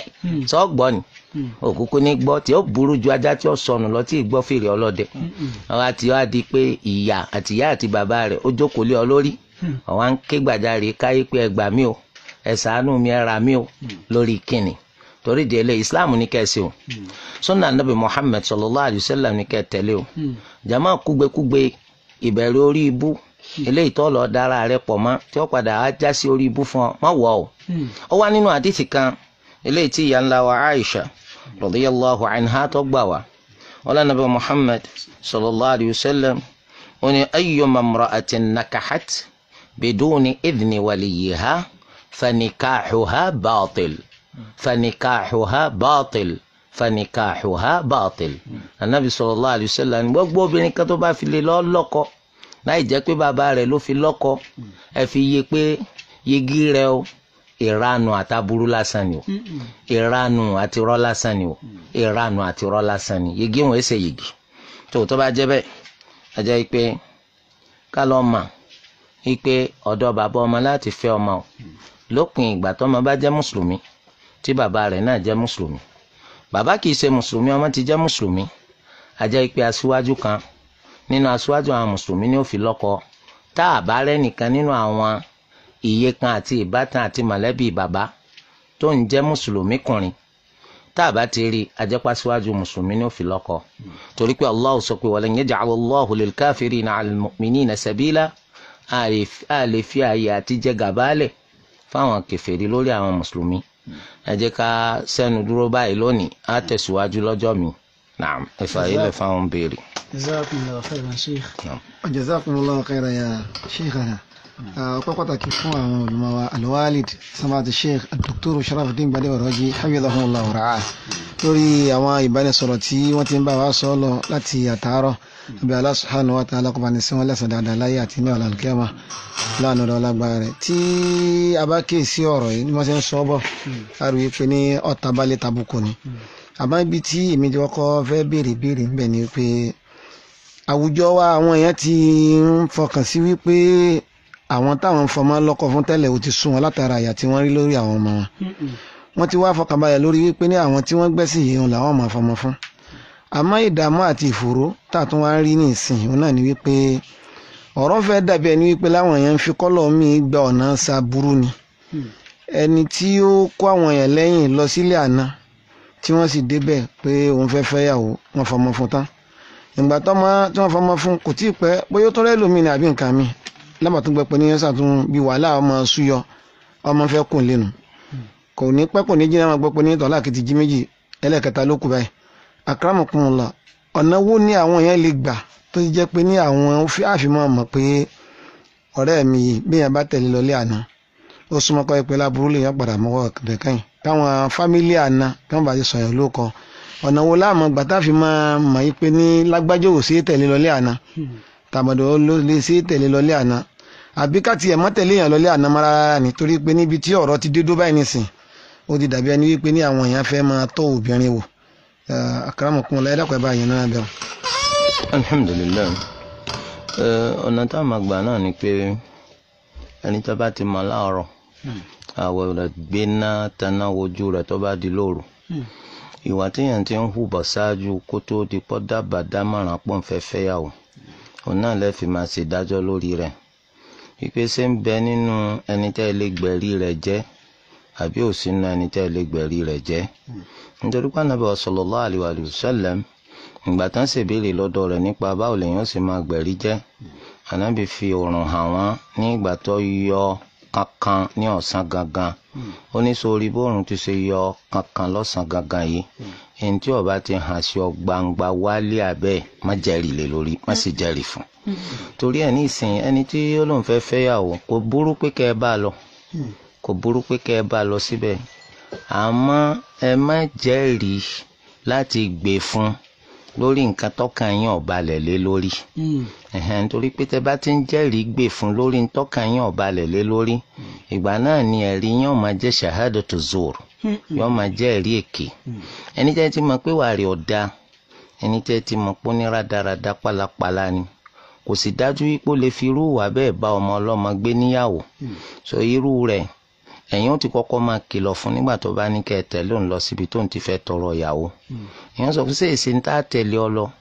sọ́gbọ́n ni. Hmm. òkúkú ní gbọ́ tí ó burú ju ajá tí ó sọnù lọ tí ìgbọ́ fèrè ọlọ́dẹ ọ̀rọ̀ àti ọ́ àdi pé ìyá àti ìyá àti bàbá rẹ̀ ó jókòó lé ọ lórí hmm. ọ̀wá ń ké gbàjarè káyé pé ẹ gbà o ẹ ṣàánú mi ẹ rà o hmm. lórí kíni torí di ẹlẹ́ islam ní kẹ́sì o sunna anabi muhammed sallallahu alayhi wa sallam ní kẹ́ tẹ̀lé o jama kúgbekúgbe ìbẹ̀rẹ̀ orí ibú eléyìí tó lọ dára rẹ pọ̀ mọ́ tí ó padà á já sí orí ibú fún ọ má wọ̀ o ó wá nínú àdìsí kan eléyìí tí ìyá ńlá wa aisha رضي الله عنها تقبوا ولا نبي محمد صلى الله عليه وسلم أن أي امرأة نكحت بدون إذن وليها فنكاحها باطل فنكاحها باطل فنكاحها باطل النبي صلى الله عليه وسلم وقبو بني كتبا في الليل لقو نايجاك ببابا رلو في لقو في يقبي يجيرو ìranù àtàbúrú lásán ni o ìranù àti irọ́ lásán ni o mm. ìranù àti irọ́ lásán ni yìgì wọn èsè yìgì tó tó bá jẹ́ bẹ́ẹ̀ ajá yìí pé ká lọ́ọ́ mà yìí pé ọ̀dọ̀ bàbá ọmọ láti fẹ́ ọmọ o mm. lópin ìgbà tọ́mọ bá jẹ́ mùsùlùmí tí bàbá rẹ̀ náà jẹ́ mùsùlùmí bàbá kìí ṣe mùsùlùmí ọmọ ti jẹ́ mùsùlùmí ajá yìí pé aṣíwájú kan nínú aṣíwájú àwọn mùsùlùmí ni ó fi lọ́kọ tá àbárẹ́ nìkan nínú àwọn ìyekan àti ìbátan àti mọ̀lẹ́bí bàbá tó ń jẹ́ mùsùlùmí kùnrin tá a bá ti rí ajẹ́pá síwájú mùsùlùmí ní òfin lọ́kọ torí pé allah sọ pé walan yaj'ala Allahu lil kafirina 'ala al-mu'minina sabila a lè fi ààyè àti jẹ gàbálẹ̀ fáwọn kèfèrí lórí àwọn mùsùlùmí ẹ jẹ́ ká sẹ́nu dúró báyìí lónìí á tẹ̀síwájú lọ́jọ́ mi naam fáwọn béèrè. jazakumullahu khairan sheikh jazakumullahu khairan ya sheikhana ọpẹ́ ah, pàtàkì fún àwọn olùmọ̀wá alwalid samadi sheikh dr sharafdin gbadebo rọjí habibullah ra'a lórí àwọn ìbánisọ̀rọ̀ tí wọ́n ti ń bá wa sọ lọ láti àtàárọ̀ ibi Allah subhanahu wa ta'ala kó bá ní sí wọn lẹ́sàn dáadáa láyé àti ní ọ̀la kíyàmá láàánú rẹ̀ ọlágbára tí a bá kíyèsí ọ̀rọ̀ yìí ni wọ́n ṣe ń sọ bọ̀ a rò wípé ní ọ̀tá balẹ̀ tàbùkù ni àmọ́ ibi tí èmi jọ kọ́ fẹ́ béèrè béèrè ń bẹ̀ ni pé àwùjọ wa àwọn èèyàn ti ń fọkàn sí wípé àwọn táwọn fọmọ lọ́kọ fún tẹ́lẹ̀ ó ti sún wọn látara àyà tí wọ́n rí lórí àwọn ọmọ wọn wọ́n ti wá fọkànbalẹ̀ lórí wípé ní àwọn tí wọ́n gbẹ́sìn yìí làwọn máa fọmọ fún àmọ́ ìdààmú àti ìfòró tààtún wá rí ní ìsìn òun náà ni wípé ọ̀rọ̀ fẹ́ dàbí ẹni wípé láwọn èèyàn ń fi kọ́lọ̀ míì gba ọ̀nà sa burú ni ẹni tí ó kó àwọn èèyàn lẹ́yìn lọ sílé àná tí wọ́n sì débẹ̀ pé òun fẹ́ fẹ́yàwó wọn fọmọ fún tán ìgbà tí wọ́n fọmọ fún kò tí ì pẹ́ bóyá ó tọ́lẹ́ lómi ni àbí nǹkan míì lábàtúgbẹ̀pẹ̀ ní yẹn sàtún bí wàhálà ọmọ súyọ ọmọ fẹ́ kùn lẹ́nu kò ní pẹ́ kò ní jìnnà máa gbọ́ pé ní tọ́lá kìtì jí méjì ẹlẹ́kẹta ló kù báyìí akramakumullah ọ̀nà wo ni àwọn yẹn lè gbà tó ti jẹ́ pé ní àwọn àfihàn mọ̀ pé ọ̀rẹ́ mi yìí bí yẹn bá tẹ̀lé lọlé àná ó súnmọ́ kọ́ pé láburú lè yẹn padà mọ́wọ́ kẹ̀kẹ́yìn káwọn fámílì àná kí wọ́n bá ti àbí ká tiẹ̀ mọ́ tẹ̀lé èèyàn lọ́lé àná mọ́ rárá ni torí pé níbi tí ọ̀rọ̀ ti dé dó báyìí nìsín ó ti dàbí ẹni wípé ní àwọn èèyàn fẹ́ máa tọ́ obìnrin wò àkàràmọ̀kún ọ̀la ẹ̀dàpọ̀ ẹ̀ náà bẹ̀rù. alhamdulilayi ọ̀nà tá a máa gbà náà ni pé ẹni tó bá ti mọ láàárọ̀ àwọ̀ rẹ̀ gbéná taná wojú rẹ̀ tó bá di lóru hmm. ìwà téèyàn ti ń hùbọ̀ ṣáájú kó tó di pọ́ dábàá dámọ̀ràn pọ̀ ń fẹ́ fẹ́yàwó òun náà lè fi máa ṣèdájọ́ lórí rẹ̀ wípé ṣé ń bẹ nínú ẹni tẹ́ ẹ lè gbẹ̀rí rẹ̀ jẹ́ àbí ò sí nínú ẹni tẹ́ ẹ gbẹ̀rí rẹ̀ jẹ́ nítorí pé Ànábì sallallahu alaihi wa ìgbà tán ṣèbéèrè lọ́dọ̀ rẹ̀ nípa báwo lèèyàn fi òòrùn hàn wọ́n ní ìgbà yọ kankan ní ọ̀sán gangan hmm. ó ní sórí bóòrùn ti ṣe yọ kankan lọ́sàn gangan yìí hmm. ẹni tí ọba ti hàn sí ọ gbangba wálé abẹ́ má jẹ́rìí lé lórí má sì hmm. jẹ́rìí fún torí ẹ̀ ní ìsìn ẹni tí ó lóun fẹ́ fẹ́yàwó kò burú pé kẹ́ ẹ bá lọ kò burú pé kẹ́ ẹ bá lọ síbẹ̀ àmọ́ ẹ má jẹ́rìí láti gbè fún un lórí nǹkan tọ́kàn yín ọba lẹ̀ lé lórí hmm. nítorí pé tẹ bá ti ń jẹ́rìí gbè fún lórí tọ́kàn yín ọba lẹ̀ lé lórí ìgbà náà ni ẹ̀rí yín ó máa jẹ́ shahadatu zur hmm, hmm. yóò máa jẹ́ ẹ̀rí èké ẹni tẹ́ ti mọ̀ pé wàá rí ọ̀dà ẹni tẹ́ ti mọ̀ pé ní rádaràda pálapàla ni kò sì dájú wípé ó lè fi irú wà bẹ́ẹ̀ bá ọmọ ọlọ́mọ gbé níyàwó so irú rẹ̀ ẹ̀yin ó ti kọ́kọ́ máa kìlọ̀ fún nígbà tó bá ní kẹ́ ẹ tẹ̀lé òun lọ síbi tó ń ti fẹ́ tọrọ ìyàwó èèyàn hmm. sọ fún ṣé èsì ń tá tẹ̀lé ọ lọ hmm.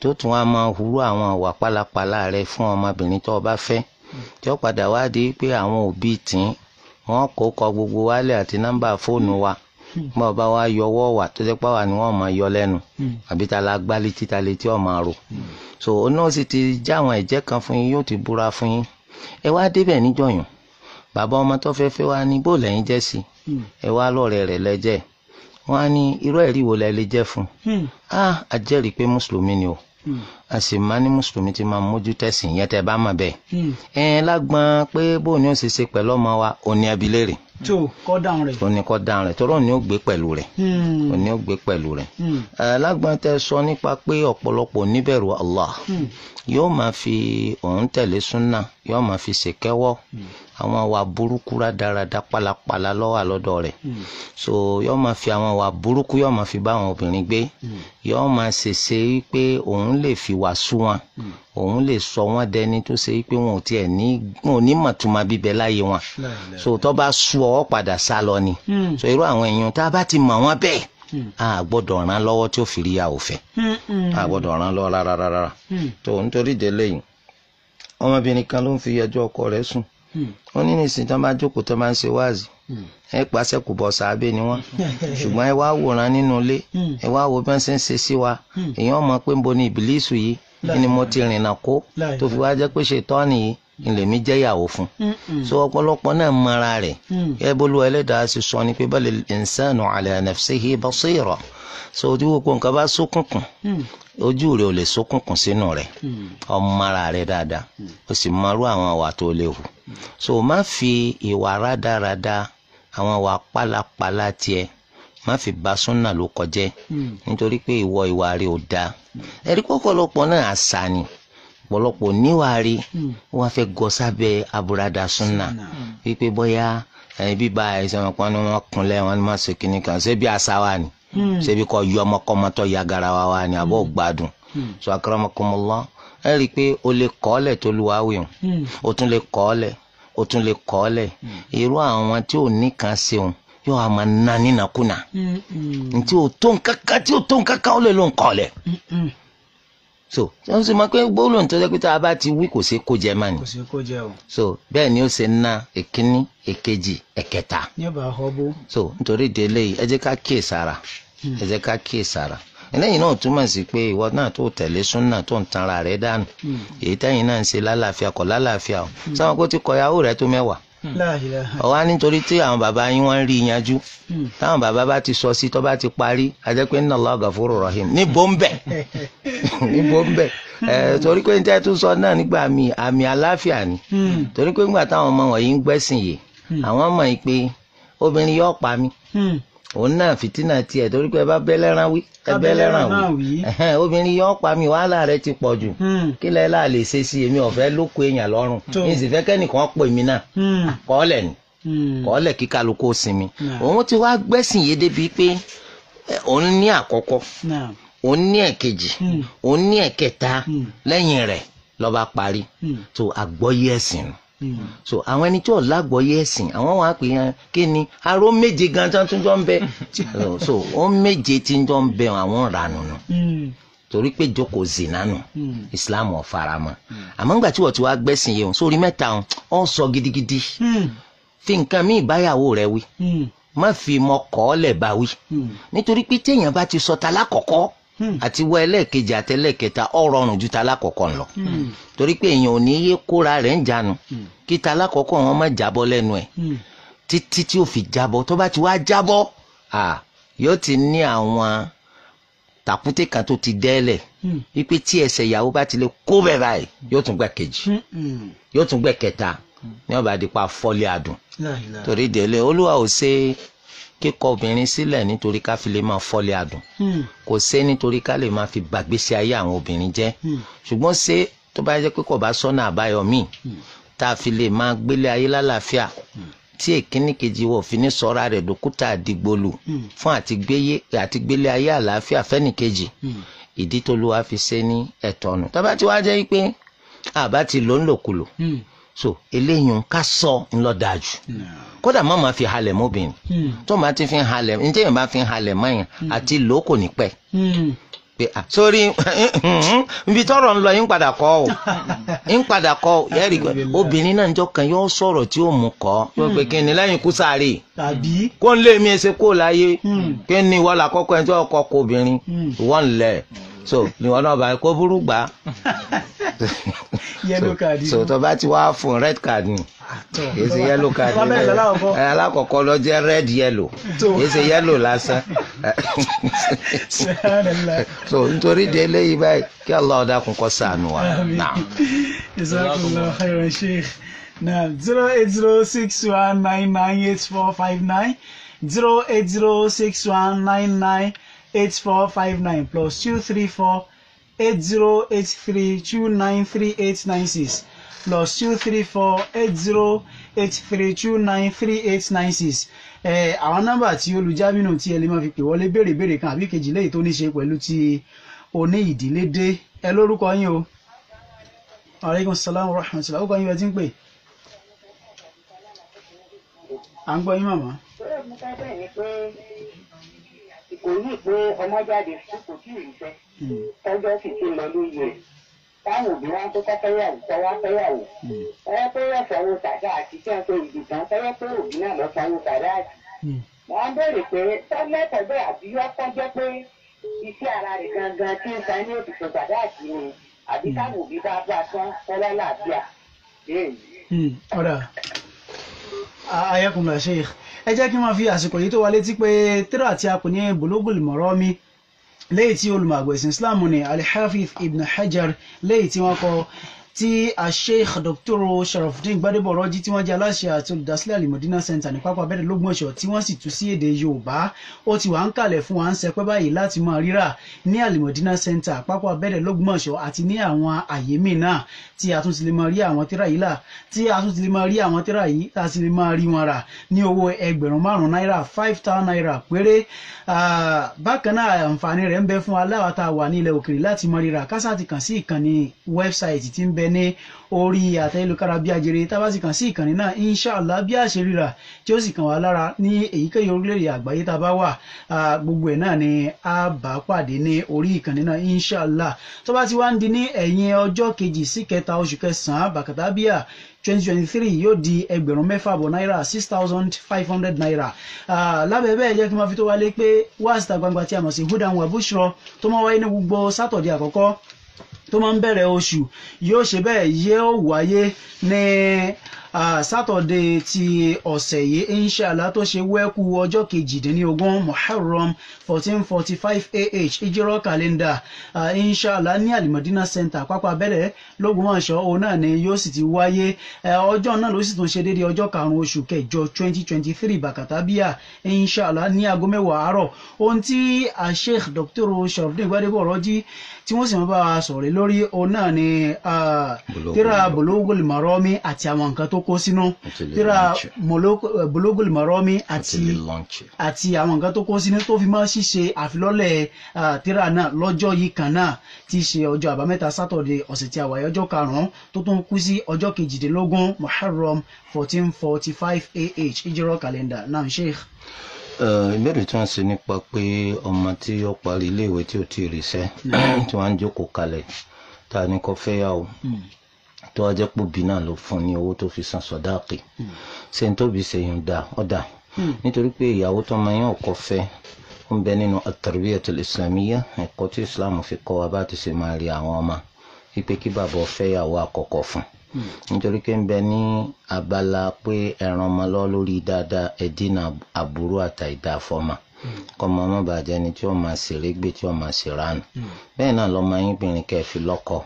tó tún wá máa hurú àwọn àwà pálapàla rẹ fún ọmọbìnrin tó o bá fẹ́ hmm. tí ó padà wá di pé àwọn òbí tìǹ wọ́n kó kọ gbogbo wálé àti nọ́mbà fóònù wa bá ọba wa yọwọ́ wà tó jẹ́ pàwọ́ ni wọ́n máa yọ lẹ́nu àbí ta la gbá létí ta létí bàbá ọmọ tó fẹ́ fẹ́ wá ní bó lẹ́yìn jẹ́ sí hmm. ẹ wá lọ́rẹ̀ rẹ̀ lẹ́jẹ̀ wọ́n á ní irú ẹ̀rí wo lẹ lè jẹ́ fún un hmm. á àjẹ́rìí pé mùsùlùmí ni o hmm. a sì máa ní mùsùlùmí ti máa mójú tẹ̀sìn yẹn tẹ́ bá mọ̀ bẹ́ẹ̀ ẹ lágbọ́n pé bóun ni ó ṣe ṣe pẹ̀lú ọmọ wa òun ni ẹbí léèrè tó kọ́ dáhùn rẹ̀ òun ni kọ́ dáhùn rẹ̀ tọ́rọ̀ ni ó gbé pẹ̀lú rẹ̀ òun ni ó gbé pẹ̀lú rẹ̀ lágbọ́n tẹ sọ nípa pé ọ̀pọ̀lọpọ̀ níbẹ̀rù Allah yóò máa fi òun tẹ̀lé súnà yóò máa fi ṣèkẹ́wọ́ àwọn àwà burúkú rádaràda pálapàla lọ́wọ́ àlọ́dọ̀ rẹ̀ hmm. so yóò máa fi àwọn àwà burúkú yóò máa fi bá àwọn obìnrin gbé hmm. yóò máa ṣèṣe wípé òun lè fi wà sú wọn hmm. òun lè sọ wọn dẹni tó ṣe wípé wọn ò tiẹ̀ ní wọn ò ní mọ̀túnmá bíbẹ láyé wọn so tó bá sú ọ padà sá lọ ni so irú àwọn èèyàn tá a bá ti mọ̀ wọ́n bẹ́ẹ̀ a gbọ́dọ̀ ràn lọ́wọ́ tí ó fi rí a ò fẹ́ a gbọ́dọ̀ ràn lọ́wọ́ rárá rárá tó nítorí délé ọmọbìnrin kan ló ń fi ẹjọ́ ọkọ rẹ̀ sùn wọ́n ní nísìnyí tó máa jókòó tó máa ń ṣe wáàzì ẹ pàṣẹ kò bọ̀ sábẹ́ ni wọ́n ṣùgbọ́n ẹ wá wòran nínú ilé ẹ wá wo bí wọ́n ṣe ń ṣe sí wa èèyàn mọ̀ pé ń bo ni ìbílísù yìí ni mo ti rìnnà kó tó fi wá jẹ́ pé ṣe tọ́ni yìí ìlèmí jẹ́ ìyàwó fún so ọ̀pọ̀lọpọ̀ náà mara rẹ̀ ẹ̀bùlù ẹlẹ́dàá sì sọ ni pé bal insanu ala nafsihi basira so tí wọ́n kó nǹkan bá sókùnkùn ojú rẹ ò lè ṣókùnkùn sínú rẹ ọmọ hmm. rẹ dáadáa o hmm. sì mọrú àwọn ìwà tó lè hù hmm. so má fi ìwà rádaràda àwọn ìwà pálapàla tiẹ̀ má fi ba súnà ló kọjẹ́ nítorí pé ìwọ ìwà rẹ ò dáa ẹ̀rí pọ̀pọ̀lọpọ̀ náà àṣà ni pọ̀lọpọ̀ níwàárí wọ́n fẹ́ gọ sábẹ́ aburada súnà wípé bóyá bíbá ẹ̀sán ọ̀pọ̀ ni wọ́n kúnlẹ̀ wọ́n máa ṣe kínní kan ṣé bí àṣà wà ni. Hmm. ṣebí kọ yọ ọmọkọmọtọ ya garawa wa ni àbọ̀ hmm. hmm. so o le kọ́ọ̀lẹ̀ to lu o tun le o tun le kọ́ọ̀lẹ̀ irú àwọn tí ò ní kan yóò a máa na nínàkúnà Nti o tó nkankan tí o tó nkankan lè so o sì gbólóhùn ti wí kò sí kó jẹ so bẹ́ẹ̀ ni ó ṣe na èkejì so nítorí délé yìí ẹ jẹ́ ẹ jẹ́ ká kíyè sára eléyìí náà túmọ̀ sí pé ìwọ náà tó tẹ̀lé súnà tó ń tanra rẹ̀ dànù èyí tẹ́yìn náà ń ṣe lálàáfíà kọ̀ lálàáfíà o hmm. sáwọn kó ti kọyàwó rẹ̀ tó mẹ́wàá hmm. ọ̀wá nítorí tí àwọn bàbá yín wọ́n ń rí yanjú hmm. táwọn bàbá bá ti sọ sí tó bá ti parí ajẹ́ pé inna Allahu Ghafurur Rahim níbo ń bẹ̀ níbo ń bẹ̀ torí pé níta tún sọ náà nígbà àmì àlàáfíà ni torí pé nígbà táwọn ọmọ wọ̀nyí ń gbẹ́sìn yìí àwọn ọmọ yìí pé obìnrin yóò pa mí òun náà fìtínà tiẹ̀ torí pé ẹ bá bẹ́lẹ́ràn wí ẹ bẹ́lẹ́ràn wí obìnrin yọ pa mi wàhálà rẹ ti pọ̀ jù hmm. kí lẹ́ là lè ṣe sí èmi ọ̀fẹ́ ló kó èèyàn lọ́rùn ní ìsìnfẹ́ kẹ́nìkan pè mí náà hmm. kọ́ọ̀lẹ̀ ni hmm. kọ́ọ̀lẹ̀ kí kálukú sinmi òun ti wá gbẹ́sìn yé débi pé òun ní àkọ́kọ́ òun ní ẹ̀kejì òun ní ẹ̀kẹta lẹ́yìn rẹ̀ ló parí tó àgbọ́yé ẹ̀sìn nù so àwọn ẹni tí ò lágbọ́yé ẹ̀sìn àwọn wà pé kí ni aró méje gan tán tún jọ ń bẹ so ó méje tí ń jọ ń bẹ àwọn ìranù nù torí pé jókòó zina nù islam ọ̀faramọ́ àmọ́ ńgbà tí wọ́n ti wá gbẹ́sìn yẹn sórí mẹ́ta ọ̀hún ọ̀ sọ gidigidi fi nǹkan mí ìbáyàwó rẹ̀ wí má fi mọ́kọ́ lẹ̀ bá wí nítorí pé téèyàn bá ti sọ ta lákọ̀ọ́kọ́ Hmm. àti wọ ẹlẹ́ẹ̀kejì àti ẹlẹ́ẹ̀kẹta ọ̀rọ̀ ọ̀rùn ju talákọ̀ọ́kọ́ lọ hmm. torí pé èèyàn ò ní yé kóra rẹ̀ ń jánu hmm. kí talákọ̀ọ́kọ́ wọn má jábọ́ lẹ́nu ẹ̀ títí tí ó fi jábọ́ tó bá ti wá jábọ́ yóò ti ní àwọn tàkúté kan tó ti dẹ́lẹ̀ wípé tí ẹsẹ̀ ìyàwó bá ti lè kó bẹ́ẹ̀ báyìí yóò tún gbẹ́ kejì yóò tún gbẹ́ kẹta ní ọba àdìpá adùn torí délé olúwa ò ṣe kíkọ obìnrin sílẹ̀ nítorí ká fi lè máa fọ́lé adùn hmm. kò ṣe nítorí ká lè máa fi gbàgbésí ayé àwọn obìnrin jẹ́ hmm. ṣùgbọ́n ṣé tó bá jẹ́ pé kò bá sọ́nà àbáyọ míì hmm. tá a fi lè máa gbélé ayé lálàáfíà tí èkíní kejì wọ̀ fi ní sọ́ra rẹ̀ dókútà àdìgbòlù fún àti gbélé ayé àlàáfíà fẹ́nìkejì ìdí tó lu wa fi ṣe ní ẹ̀tọ́nu tó bá ti wá jẹ́ pé àbá ti lò so eléyìí ká sọ ńlọ kódà má ma fi halẹ̀ mọ́bìnrin hmm. tó ma ti fi halẹ̀ ní tẹ́yìn bá fi halẹ̀ mọ́yìn hmm. àti lò kò ní pẹ́ hmm. yín padà kọ o yín padà kọ o yẹ́rì pé obìnrin náà níjọ́ kan yóò sọ̀rọ̀ tí ó mú kọ́ yóò pé kí ni lẹ́yìn kó lé so ni wọn náà bá kó burú gbà. yellow card so tó bá ti wá fún red card ni yìí ah, yellow card ni eh, alákọ̀ọ́kọ́ lọ jẹ́ red yellow yìí ṣe yellow lásán so nítorí de eléyìí báyìí kí Allah dákun kó ṣàánú wa náà. jazakallahu khairan sheikh na zero eight zero six one nine nine eight four five nine zero eight zero six one nine nine. 8459 plus 234 8083 293896 plus 234 8083 293896 ẹ àwọn nọ́mbà tí olùjábínú tí ẹ lè máa fi pè wọlé béèrè béèrè kan àbí kejì léyìí tó ní ṣe pẹ̀lú ti oní ìdílé dé ẹ lórúkọ yín o aleykum salaam wa rahmatulah ó kọ́ yín ẹ ti ń pè à ń gbọ́ yín màmá àsìkò yìí pé ọmọ jáde tí kò tí ì ríṣẹ́ tọ́jọ́ hmm. sì ti lọ lóye ẹ̀ táwọn òbí wa ń tó kọ́fẹ́yàwó kọ́ wá fẹ́yàwó ọwọ́ hmm. pé wọ́n sanwó tàdá àti tí wọ́n pe ìdì kan tọ́wọ́ pé òbí náà lọ sanwó tàdá àti. Hmm. wọ́n á béèrè pé tọ́lẹ́tọ̀ bẹ́ẹ̀ àbí ọkọ̀ jẹ́ pé iṣẹ́ ara rẹ̀ gangan tí ń san ní òtítọ́ tàdá àti ni àbí táwọn òbí bá bá tán kọ́lá làbíà. ọ̀rọ̀ ayẹ́kùnrin àṣeyìí ẹ jẹ́ kí n máa fi àsìkò yìí tó wa létí pé tírà tí a pè ní bulugul marami léyìí tí olùmọ̀ àgbẹ̀sìn Islam ní al Ibn Hajar léyìí tí wọ́n kọ tí asheikh dr sharafdin gbadebo ọrọjí tí wọ́n jẹ́ aláṣẹ àti olùdásílẹ̀ alimọdínà center ní pápá abẹ́rẹ́ lọ́gbọ̀nsọ̀ tí wọ́n sì tú sí èdè yorùbá ó ti wà ń kalẹ̀ fún wa ń sẹpẹ́ báyìí láti máa rírà ní alimọdínà center pápá abẹ́rẹ́ lọ́gbọ̀nsọ̀ àti ní àwọn àyè míì náà tí a tún ti lè máa rí àwọn tírà yìí là tí a tún ti lè máa rí àwọn tírà yìí tá a sì lè máa rí wọn rà ní owó ẹgbẹ̀rún márùn-ún náírà five thousand naira péré bákan náà àǹfààní rẹ̀ ń bẹ fún aláwa tá a wà ní ilẹ̀ òkèrè láti máa rírà kásá ti kàn sí ìkànnì wẹ́bsáìtì tí ń bẹ ní orí àtẹ̀yẹlókára bí ajere tábà sì kàn sí ìkànnì náà inshallah bí àṣeríra tí ó sì kàn wá lára ní èyíkéyìí orílẹ̀-èdè àgbáyé tá a bá wà gbogbo ẹ̀ náà ni a bá pàdé ní orí ìkànnì náà inshallah tó bá ti wá ń di ní ẹ̀yìn ọjọ́ kejì sí kẹta oṣù kẹsàn-án bàkàtà bíà 2023 yóò di ẹgbẹ̀rún mẹ́fà bọ̀ náírà six thousand five hundred naira lábẹ́ bẹ́ẹ̀ jẹ́ kí n máa fi tó wa lé pé wáàsí ta gbangba tí a mọ̀ sí húdà wọn àbúṣọ tó máa wáyé ní gbogbo sátọ̀dẹ̀ àkọ́kọ́ tó máa ń bẹ̀rẹ̀ oṣù yóò ṣe bẹ́ẹ̀ yóò wáyé ní sátọ̀dé ti ọ̀sẹ̀ yìí inshallah tó ṣe wẹ́kú ọjọ́ kejìdínlógún muharram fourteen forty five ah ìjírọ̀ kàlẹ́ndà inshallah ní alimadina center pápá abẹ́rẹ́ lógúnmọ̀ṣọ́ òun náà ni yóò sì ti wáyé ọjọ́ náà ló sì tún ṣe déédéé ọjọ́ karùn-ún oṣù kẹjọ twenty twenty three bàkàtàbíà inshallah ní aago mẹ́wàá àárọ̀ ohun tí sheikh dr sharafdin gbadebo ọ̀rọ̀ jí tí wọ́n sì lórí òun náà ni tíra bologol maromi àti àwọn nǹkan tó kó sínú tíra bologol maromi àti àwọn nǹkan tó kó sínú tó fi máa ṣíṣe àfilọ́lẹ̀ tíra náà lọ́jọ́ yìí kan náà ti ṣe ọjọ́ àbámẹ́ta sátọ̀dẹ̀ ọ̀sẹ̀ tí a wáyé ọjọ́ karùn-ún tó tún kú sí ọjọ́ kejìdínlógún muharram fourteen forty five ah ìjírọ̀ kàlẹ́ndà náà sheikh. Eh, ìbéèrè tí wọ́n ṣe nípa pé ọmọ tí ó parí iléèwé tí ò tí ì ríṣẹ́ hmm. tí wọ́n ń jókòó kalẹ̀ ta ni kò fẹ́ yà o hmm. tó wá jẹ́ pò bí náà ló fún ní owó tó fi san sọ̀dáàkì hmm. ṣe ń tóbi ṣe yùn dá ọ̀dà nítorí pé ìyàwó tọmọ yẹn ọkọ fẹ́ ó ń bẹ nínú at-tarbiyatul islamiyya ẹ̀kọ́ tí islam fi kọ́ wa bá ti ṣe máa rí àwọn ọmọ wípé kí bàbá ọfẹ́ yàwó àkọ́kọ́ fún un nítorí pé ń bẹ ní abala pé ẹran ọmọ lọ lórí dáadáa ẹdínà àbúrò àtàìdá fọmà kọmọ ọmọ bàjẹ́ ni tí ó máa ṣeré gbé tí ó máa ṣèrànù bẹ́ẹ̀ náà lọ́mọ yín bìnrin kẹfì lọ́kọ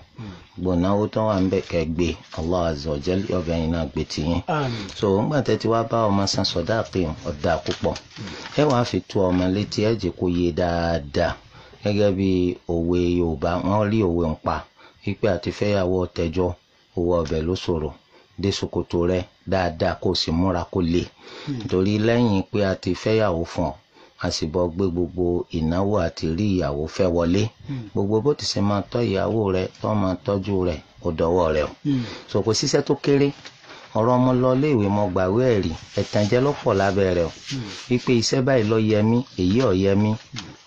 gbọ̀náwó tó wà ń bẹ̀ kẹ́ gbé Allah azza wa jal ọbẹ̀ yìí náà gbé tiyín so ńgbà tẹ́tí wá bá ọmọ san sọ̀dá pé ọ̀dà púpọ̀ ẹ wàá fi tú ọmọ létí ẹ kó yé dáadáa gẹ́gẹ́ bí òwe Yorùbá wọ́n rí òwe ń wípé àti fẹ́yàwó ọ̀tẹ̀jọ́ owó ọbẹ̀ ló ṣòro dé ṣòkòtò rẹ dáadáa kó o sì múra kó le hmm. torí lẹ́yìn pé a ti fẹ́yàwó fún ọ a sì bọ́ gbé gbogbo ìnáwó àti rí ìyàwó fẹ́ wọlé hmm. gbogbo bó ti ṣe máa tọ́ ìyàwó rẹ tó máa tọ́jú rẹ ó dọwọ́ rẹ o ṣòkò hmm. ṣiṣẹ́ tó kéré ọ̀rọ̀ ọmọ lọ léèwé mo gbàwé ẹ̀rí ẹ̀tànjẹ́ ló pọ̀ lábẹ́ rẹ̀ o wípé iṣẹ́ báyìí lọ yẹ mí èyí ò yẹ mí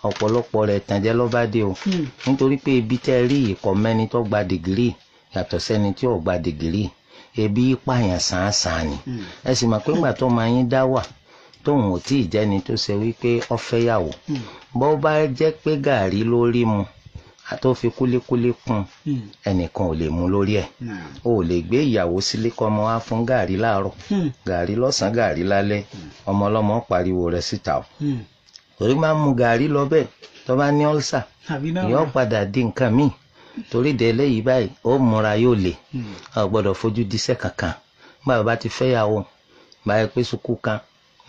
ọ̀pọ̀lọpọ̀ rẹ̀ ẹ̀tànjẹ́ ló bá dé o nítorí pé ibi tẹ́ rí ìkọ́ tó gba dìgírì yàtọ̀ sẹ́ni tí ò gba dìgírì ebi pààyàn sàǹsàn ni hmm. ẹ sì mọ̀ pé ńgbà tó máa yín dá wà tóun ò tí ì jẹ́ni tó ṣe wípé ó fẹ́yàwó hmm. bó bá jẹ́ pé gàrí ló rí mu àtó fi kúlíkúlí kún hmm. ẹnìkan ò lè mú lórí ẹ̀ o ò lè gbé ìyàwó sílé kọ́ ọmọ wa fún gàrí láàárọ̀ gàrí lọ́sàn-án gàrí lálẹ́ ọmọ ọlọ́mọ pariwo rẹ̀ síta o torí máa ń mu gàrí lọ bẹ́ẹ̀ tó bá ní ọ́lsà yóò padà di nǹkan míì torí de eléyìí báyìí ó múra yóò lè hmm. a ò gbọ́dọ̀ fojú diṣẹ́ kankan báwo bá ti fẹ́yàwó báyìí pé sukú kan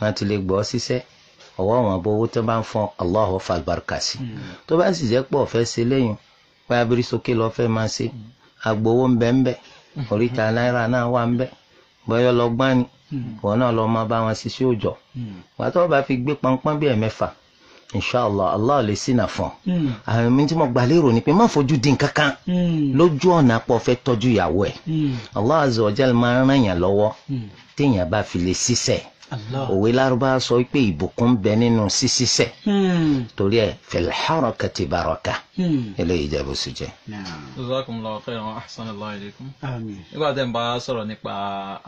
wọn ti lè gbọ́ síṣẹ́ ọwọ́ wọn bó owó tó bá ń fọn Allah fa àlùbáríkà sí hmm. tó bá sì jẹ́ pọ̀ fẹ́ ṣe lẹ́yìn pé abiri sókè lọ fẹ́ máa ṣe hmm. agbowó ń bẹ ń bẹ oríta náírà náà wà ń bẹ bọ́yọ́ lọ gbá ni wọn náà lọ máa bá wọn ṣiṣẹ́ òòjọ́ wàá tó bá fi gbé pọnpọ́n bí ẹ̀mẹ́fà inshallah allah lè sí náà fún ọ hmm. àwọn mi tí mo gbà lérò ni pé má fojú di kan hmm. lójú ọ̀nà pọ̀ fẹ́ tọ́jú ìyàwó ẹ̀ hmm. allah azza máa ń ràn yàn lọ́wọ́ téèyàn bá fi lè ṣiṣẹ́ òwe lárúbá sọ pé ìbùkún bẹ nínú ṣíṣiṣẹ́ torí ẹ baraka eléyìí jẹ́ bó ṣe jẹ́. nígbà tẹ́ ń bá sọ̀rọ̀ nípa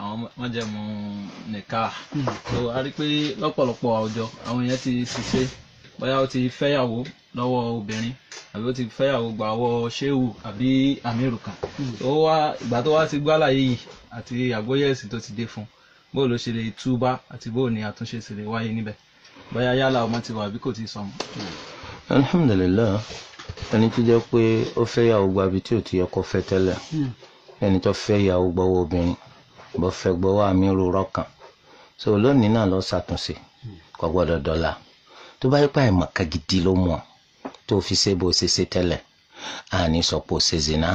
àwọn májẹ̀mú nìka tó a rí pé lọ́pọ̀lọpọ̀ àwùjọ àwọn èèyàn bóyá ó ti fẹ́yàwó lọ́wọ́ obìnrin àbí ó ti fẹ́yàwó gbà wọ ṣéwù àbí àmírù kan ó wá ìgbà tó wá ti gbálà yìí àti àgbóyè ẹ̀sìn tó ti dé fún bó ló ṣe lè túbá àti bó ni àtúnṣe sì lè wáyé níbẹ̀ bóyá yálà ọmọ ti wà àbí kò ti sọmọ. alhamdulilayi ẹni tó jẹ́ pé ó fẹ́yàwó gba ibi tí ò ti yẹ kó fẹ́ tẹ́lẹ̀ hmm. ẹni tó fẹ́yàwó gbọ́wọ́ obìnrin bó fẹ́ gbọ́wọ́ àmírù rọ́kàn so lónìí náà lọ ṣàtúnṣe hmm. kò dọ́là tó bá yẹ pé àìmọ̀kan gidi ló mọ̀ tó fi ṣe bó ṣe ṣe tẹ́lẹ̀ àní sọ̀pọ̀ ṣe zina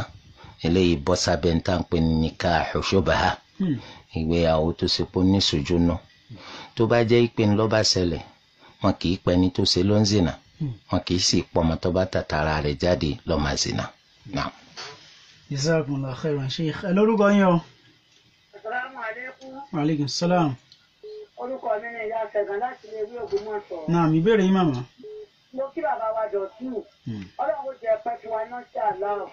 eléyìí bọ́ sábẹ́ ń tà ń pè ní nìka ṣòṣòbàá hmm. ìgbéyàwó tó ṣe pé ní ìṣojú náà tó bá jẹ́ ìpè ńlọ́ bá ṣẹlẹ̀ wọn kì í pẹ́ ni tó ṣe ló ń zina hmm. wọn kì í sì pọmọ tó bá tàtàrà rẹ̀ jáde lọ́ máa zina. jazakumullahu khairan sheikh ẹ lórúkọ yín o. orúkọ mi ni ìyá ṣẹ̀gàn láti ilé ìwé Ògbómọ̀ṣọ́. náà mi béèrè yín màmá. mo kí bàbá wa jọ tù hmm. ọlọ́run jẹ pẹ́ tiwa náà ṣe àlọ́.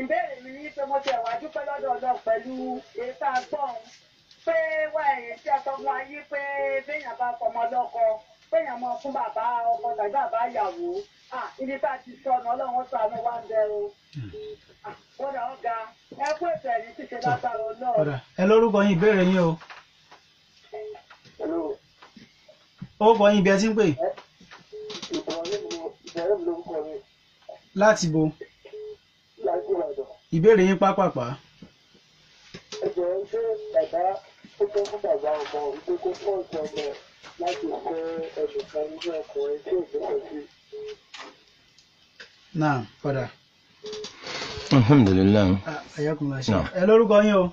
ìbéèrè mi pé mo ti ẹ̀wà dúpẹ́ lọ́dọ̀ pẹ̀lú pé tí a sọ fún wa yí pé béèyàn bá mọ fún bàbá ọkọ tàbí bàbá ìyàwó ibi tá a ti ọlọ́run wá ń o. Hmm. ọ̀dà ọ̀gá ti ṣe ẹ lórúkọ yín o. ó kọ yín ibi ẹ ti ń pè. láti bo. ìbéèrè yín pápápá. ẹ jẹ́ ṣé bàbá ó tọ́ fún bàbá ọmọ wípé kó fọ́ ọ̀sẹ̀ ọmọ láti fẹ́ ẹnìkan nínú ọkùnrin tí òjò kọ sí. náà padà. alhamdulilayi. ẹ lórúkọ yín o.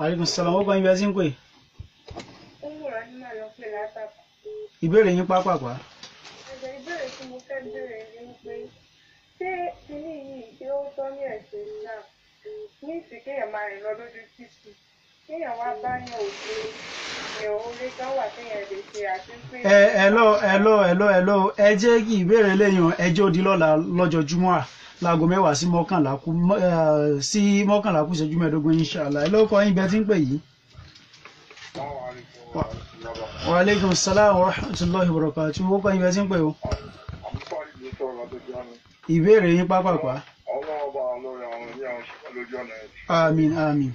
aleykum salaam ó kọ yín bí ẹ ti ń pè. ìbéèrè yín pápápá. ẹ̀jẹ̀ ìbéèrè tí mo fẹ́ béèrè ni pé ṣé kinní yìí ṣé ó tọ́ ní ẹ̀sìn náà ní ìsìn kéèyàn máa rìn lọ lójú títì kéèyàn wá bá yàn òde èèyàn orí kan wà kéèyàn lè ṣe àtúnpè. ẹ ẹlọ ẹlọ ẹlọ ẹlọ ẹ jẹ́ kí ìbéèrè lẹ́yìn ẹjọ́ òdi lọ́la lọ́jọ́ júmọ́ à láago mẹ́wàá sí mọ́kànlá kù sí mọ́kànlá kù ìṣẹ́jú mẹ́ẹ̀ẹ́dógún inṣàlá ẹ lọ́kọ́ yín bẹ́ẹ̀ tí ń pè yìí wa aleykum salaam wa rahmatulahi wa barakatuh wọ́n kọ́ ibi ẹtí ń pè o. ìbéèrè yín pápápá. ọlọ́wọ́ bá lórí àwọn ní àwọn ṣùgbọ́n lójú ọ̀nà ẹ̀. àmín àmín.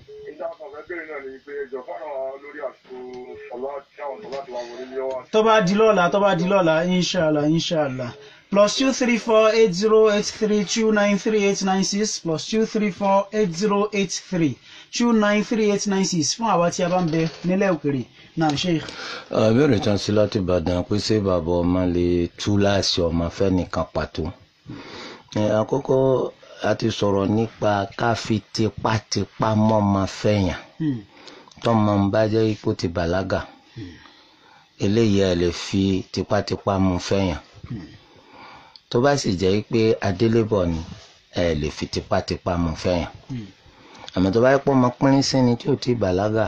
nígbà di lọ́la tó bá di lọ́la inṣàlá inṣàlá plus two three four eight zero eight three two nine three eight nine six plus two three four eight zero eight three two nine three eight nine six fún àwa tí a bá ń bẹ nílẹ̀ òkèrè náà sheikh. ìbéèrè tán sí láti ìbàdàn pé ṣé bàbá ọmọ lè tú láàṣì ọmọ fẹ́nìkan pàtó àkọ́kọ́ a ti sọ̀rọ̀ nípa ká fi tipátipá mọ́mọ fẹ́yàn hmm. tọ́mọ ń bá jẹ́ ipò ti bàlágà hmm. eléyìí ẹ lè fi tipátipá mú fẹ́yàn. Hmm tó bá sì jẹ́ pé adélébọ̀ ni ẹ lè fi tipátipá mú fẹ́yàn hmm. àmọ́ tó bá yẹ pé ọmọ pínrín sí ni tí ò ti bàlágà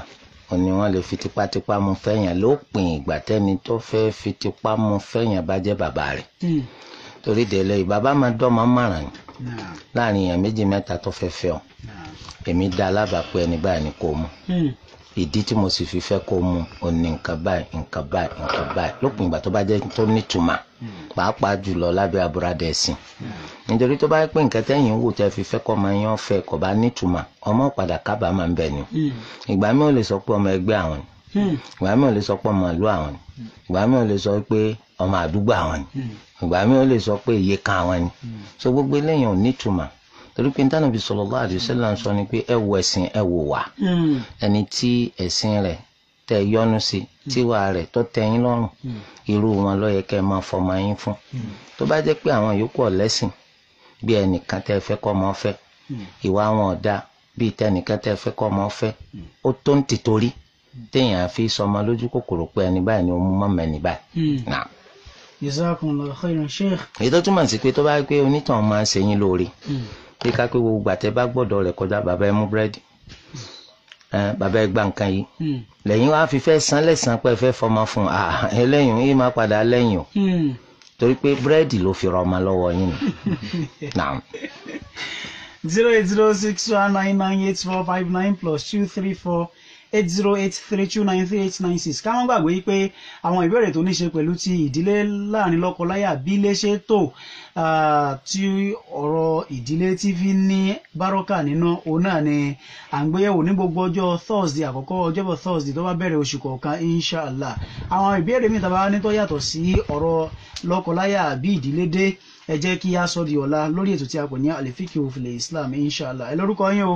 òun ni wọ́n lè fi tipátipá mú fẹ́yàn lópin ìgbà tẹ́ni tó fẹ́ fi tipá mú fẹ́yàn bá jẹ́ bàbá rẹ̀ hmm. torí délé bàbá máa dọ́mọ márùn ni láàrin èèyàn méjì mẹ́ta tó fẹ́ fẹ́ ọ èmi dá alábàápẹ́ ẹni báyìí ni kò mú ìdí tí mo sì fi fẹ́ kó mu òní nǹkan báyìí nǹkan báyìí nǹkan báyìí lópin ìgbà tó bá jẹ́ tó nítumà pàápàá jùlọ lábẹ́ àbúradà ẹ̀sìn nítorí tó bá yẹ pé nǹkan tẹ́yìn wò tẹ́ fi fẹ́ kọ́ ọmọ yẹn fẹ́ kọ́ bá nítumà ọmọ padà kábàámọ̀ ń bẹ̀ ni ìgbà mi ò lè sọ pé ọmọ ẹgbẹ́ àwọn ni ìgbà mi ò lè sọ pé ọmọ ìlú àwọn ni ìgbà mi ò lè sọ pé ọmọ àdúgbò àwọn ni ìgbà mi ò lè sọ pé iye kan àwọn ni so gbogbo eléyìí ò nítumà torí pé nítorí bí sallallahu alaihi wasallam sọ ni pé ẹ wo ẹ̀sìn ẹ wo wà hmm. ẹni tí ẹ̀sìn rẹ̀ tẹ yọ́nú sí hmm. tíwà rẹ̀ tó tẹ́yìn lọ́rùn hmm. irú wọn ló yẹ kẹ́ máa fọmọ yín fún tó bá jẹ́ pé àwọn yòókù ọ̀lẹ́sìn bí ẹnìkan tẹ́ fẹ́ kọ́ ọmọ fẹ́ ìwà wọn ọ̀dà bíi tẹnìkan tẹ́ fẹ́ kọ́ ọmọ fẹ́ ó tó ń tìtorí téèyàn fi sọmọ lójú kòkòrò pé ẹni báyìí ni ó mú mọ́mọ́ ẹni báyìí náà jazakumullahu khairan sheikh. èyí tó túmọ̀ sí pé tó bá gbé onítàn máa ń ṣe yín lóore bí ká pé gbogbo gbàtẹ́ bá gbọ́dọ̀ rẹ̀ kọjá bàbá ẹ mú búrẹ́dì bàbá ẹ gba nǹkan yìí hmm. lẹ́yìn wá fi fẹ́ san lẹ́sàn pé fẹ́ fọmọ fún ah, ẹlẹ́yìn yìí máa padà lẹ́yìn o hmm. torí pé búrẹ́dì ló fi rọ ọmọ yín nù. zero eight zero six one nine nine eight four five nine plus two three four eight zero eight three two nine three eight nine six ká má gbàgbé pé àwọn ìbéèrè tó ní ṣe pẹ̀lú ti ìdílé láàrin lọ́kọ-láyà bí ilé ṣe tò tí ọ̀rọ̀ ìdílé tí fi ní bárọ́kà nínú òun náà ni à ń gbéyẹ̀wò ní gbogbo ọjọ́ thursday àkọ́kọ́ ọjọ́bọ̀ thursday tó bá bẹ̀rẹ̀ oṣù kọ̀ọ̀kan inshallah àwọn ìbéèrè mi tàbá ní tó yàtọ̀ sí ọ̀rọ̀ lọ́kọ-láyà bí ìdílé dé ẹ jẹ́ kí a sọ di ọ̀la lórí ètò tí a pè ní àlèfíkì òfìlẹ̀ islam inshallah ẹ lórúkọ yín o.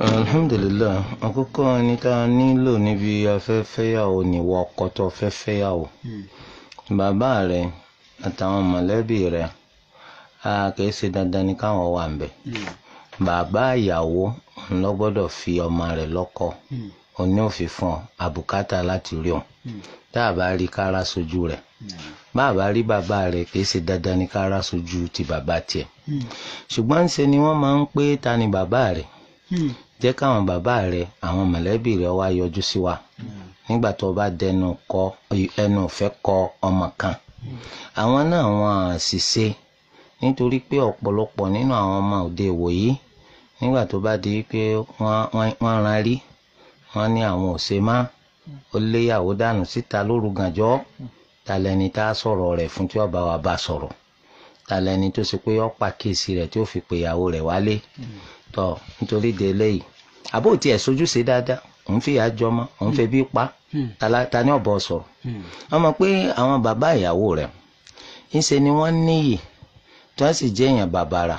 Alhamdulillah, àkọ́kọ́ ẹni tá a nílò níbi afẹ́fẹ́yàwó níwọ ọkọ tó fẹ́ fẹ́yàwó hmm. bàbá rẹ àtàwọn mọ̀lẹ́bí rẹ a kìí ṣe dandan ni káwọn wà ń bẹ̀ hmm. bàbá ìyàwó ló gbọ́dọ̀ fi ọmọ rẹ̀ lọ́kọ òní hmm. òfin fún ọ àbùkátà láti rí ọ tá a bá rí kára sojú rẹ̀ bá a bá rí bàbá rẹ̀ kìí ṣe dandan ni kára sojú ti bàbá tiẹ̀ ṣùgbọ́n ṣe ni wọ́n máa ń pé ta ni bàbá rẹ̀ jẹ́ káwọn bàbá rẹ àwọn mọ̀lẹ́bí rẹ wá yọjú sí wa nígbà tó bá dẹnu kọ ẹnu fẹ́ kọ ọmọ kan àwọn náà wọn à sì ṣe nítorí pé ọ̀pọ̀lọpọ̀ nínú àwọn ọmọ òde ìwòyí nígbà tó bá di pé wọ́n ran rí wọ́n ní àwọn ò ṣe má ó léyàwó dànù síta lóru gànjọ́ ta lẹni tá a sọ̀rọ̀ rẹ̀ fún tí ọba wa bá sọ̀rọ̀ ta lẹni tó ṣe pé ó pàkíyèsí rẹ̀ tí ó fi pèyàwó rẹ̀ wálé tọ nítorí de eléyìí àbó tí ẹ sojú ṣe dáadáa òun fi ìyá jọmọ òun hmm. fẹ́ bí pa hmm. ta ni ọbọ sọ̀rọ̀ hmm. wọn mọ pé àwọn bàbá ìyàwó rẹ̀ ńṣe ni wọ́n níyì tí wọ́n sì jẹ́ èèyàn bàbàrà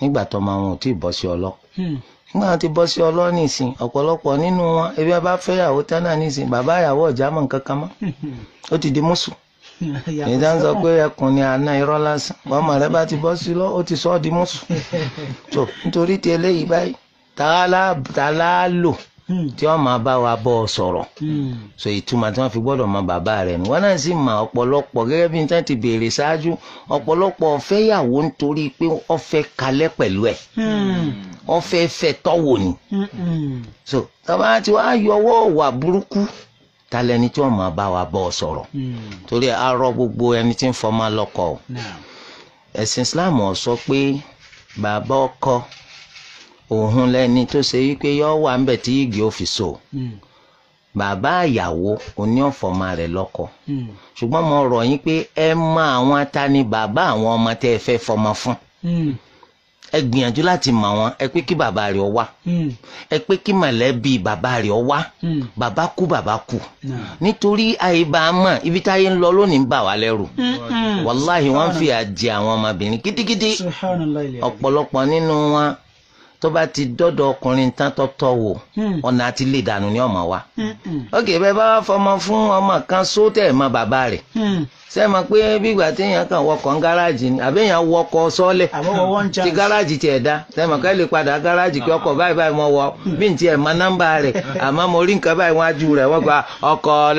nígbà tó máa wọn ò tí ì bọ́ sí ọlọ nígbà wọn ti bọ́ sí ọlọ nìsín ọ̀pọ̀lọpọ̀ nínú wọn ebi abáfẹ́yàwó tánà nìsín bàbá ìyàwó ọ̀já mọ̀ nǹkan kan mọ́ ó ti di mùsùn ìjà ń sọ pé ẹkùn ni àná irọ́ lásán màmá rẹ bá ti bọ́ sí lọ ó ti sọ ọ́ di mùsùn tó nítorí ti eléyìí báyìí tá a lá lò hmm. tí wọn máa bá wa bọ sọ̀rọ̀ hmm. so ìtumọ̀ tí wọn fi gbọ́dọ̀ mọ bàbá rẹ̀ ni wọn náà sì mọ ọ̀pọ̀lọpọ̀ gẹ́gẹ́ bí n tán ti béèrè ṣáájú ọ̀pọ̀lọpọ̀ ọfẹyàwó nítorí pé ọfẹ kalẹ̀ pẹ̀lú ẹ̀ ọfẹ fẹ tọwọ ni hmm. so tọba ti wá yọwọ́ wà burúkú talẹni tí wọn máa bá wa bọ sọ̀rọ̀ hmm. torí a rọ gbogbo ẹni tí ń fọmọ lọ́kọ o ẹ̀sìn islam ó sọ pé bàbá ọkọ òun lẹni tó ṣe wípé yọ wà ńbẹ tí igi ò fi so hmm. bàbá àyàwó òní ọ̀fọ̀mà rẹ̀ lọ́kọ hmm. ṣùgbọ́n mo rọ̀ yín pé ẹ mọ àwọn ta ni bàbá àwọn ọmọ tẹ́ ẹ fẹ́ fọmọ fún ẹ gbìyànjú láti mọ̀ wọn ẹ pé kí bàbá rẹ̀ ọ wá hmm. ẹ pé kí mọ̀lẹ́bí bàbá rẹ̀ ọ wá hmm. bàbá kú bàbá kú nítorí àyíbá mọ̀ ibi táyé ń lọ lónìí ń bà wá lẹ́rù hmm, wàláhì wọ́n fi àjẹ àwọn ọmọbìnrin kitikiti ọ̀pọ̀lọpọ̀ nínú wọn tó bá ti dọ́dọ̀ ọkùnrin tán tọ́tọ́ wò hmm. ọ̀nà àti lè dànù ni ọmọ wa. Hmm, hmm. ok bẹ́ẹ̀ bá fọmọ fún ọmọ kan sóòtẹ̀ mọ bàbá rẹ̀ ṣe pé bígbà téèyàn kan wọkọ ń gáràjì ni àbẹ́yàn ti gáràjì da ká lè padà gáràjì kí báyìí báyìí wọ bí n tiẹ̀ mọ nọ́mbà rẹ̀ àmọ́ mo rí nǹkan báyìí gba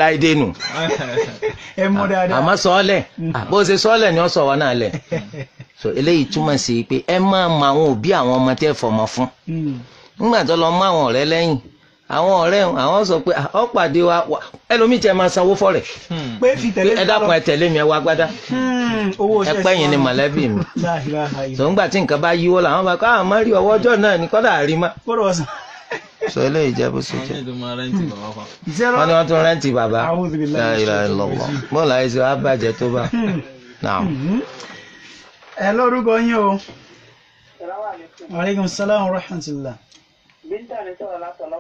láìdé so eléyìí túmọ̀ sí pé ẹ máa mọ àwọn òbí àwọn ọmọ efo fọmọ fún hmm. nígbà tó lọ mọ àwọn ọ̀rẹ́ lẹ́yìn àwọn ọ̀rẹ́ àwọn sọ pé ọ̀pàdé wa ẹlòmíì tẹ máa sanwó fọ́rẹ̀ hmm. pé ẹ dákun ẹ tẹ̀lé mi ẹ wá gbádá hmm, ni mọ̀lẹ́bí mi tó ń gbà tí nǹkan bá yíwọ́ làwọn bá kọ́ rí ọwọ́ ọjọ́ náà ní kọ́dà sọ eléyìí bó ṣe tún bàbá ẹ lórúkọ yín o. aleykum salaam wa rahmatulah. bíńtà ní sọ̀rọ̀ látọ̀ náà.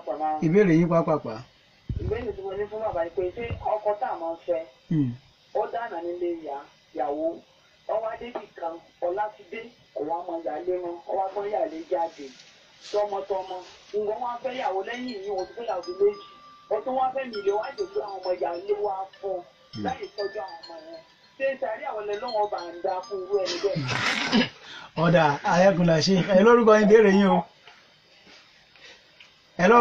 ọkọ tá a máa ń fẹ́. Hmm. ó dáná yawo o. ìyàwó ọwọ́ adébì kan ọlátúndé kò wá ma ìyáálé mọ́ ọwọ́ agbọ́n ìyáálé jáde tọmọtọmọ nǹkan wọn fẹ́ méjì wájú hmm. wa ọ̀dà ayẹ́kùnlá ṣe ẹ lórúkọ yín béèrè yín o. hello.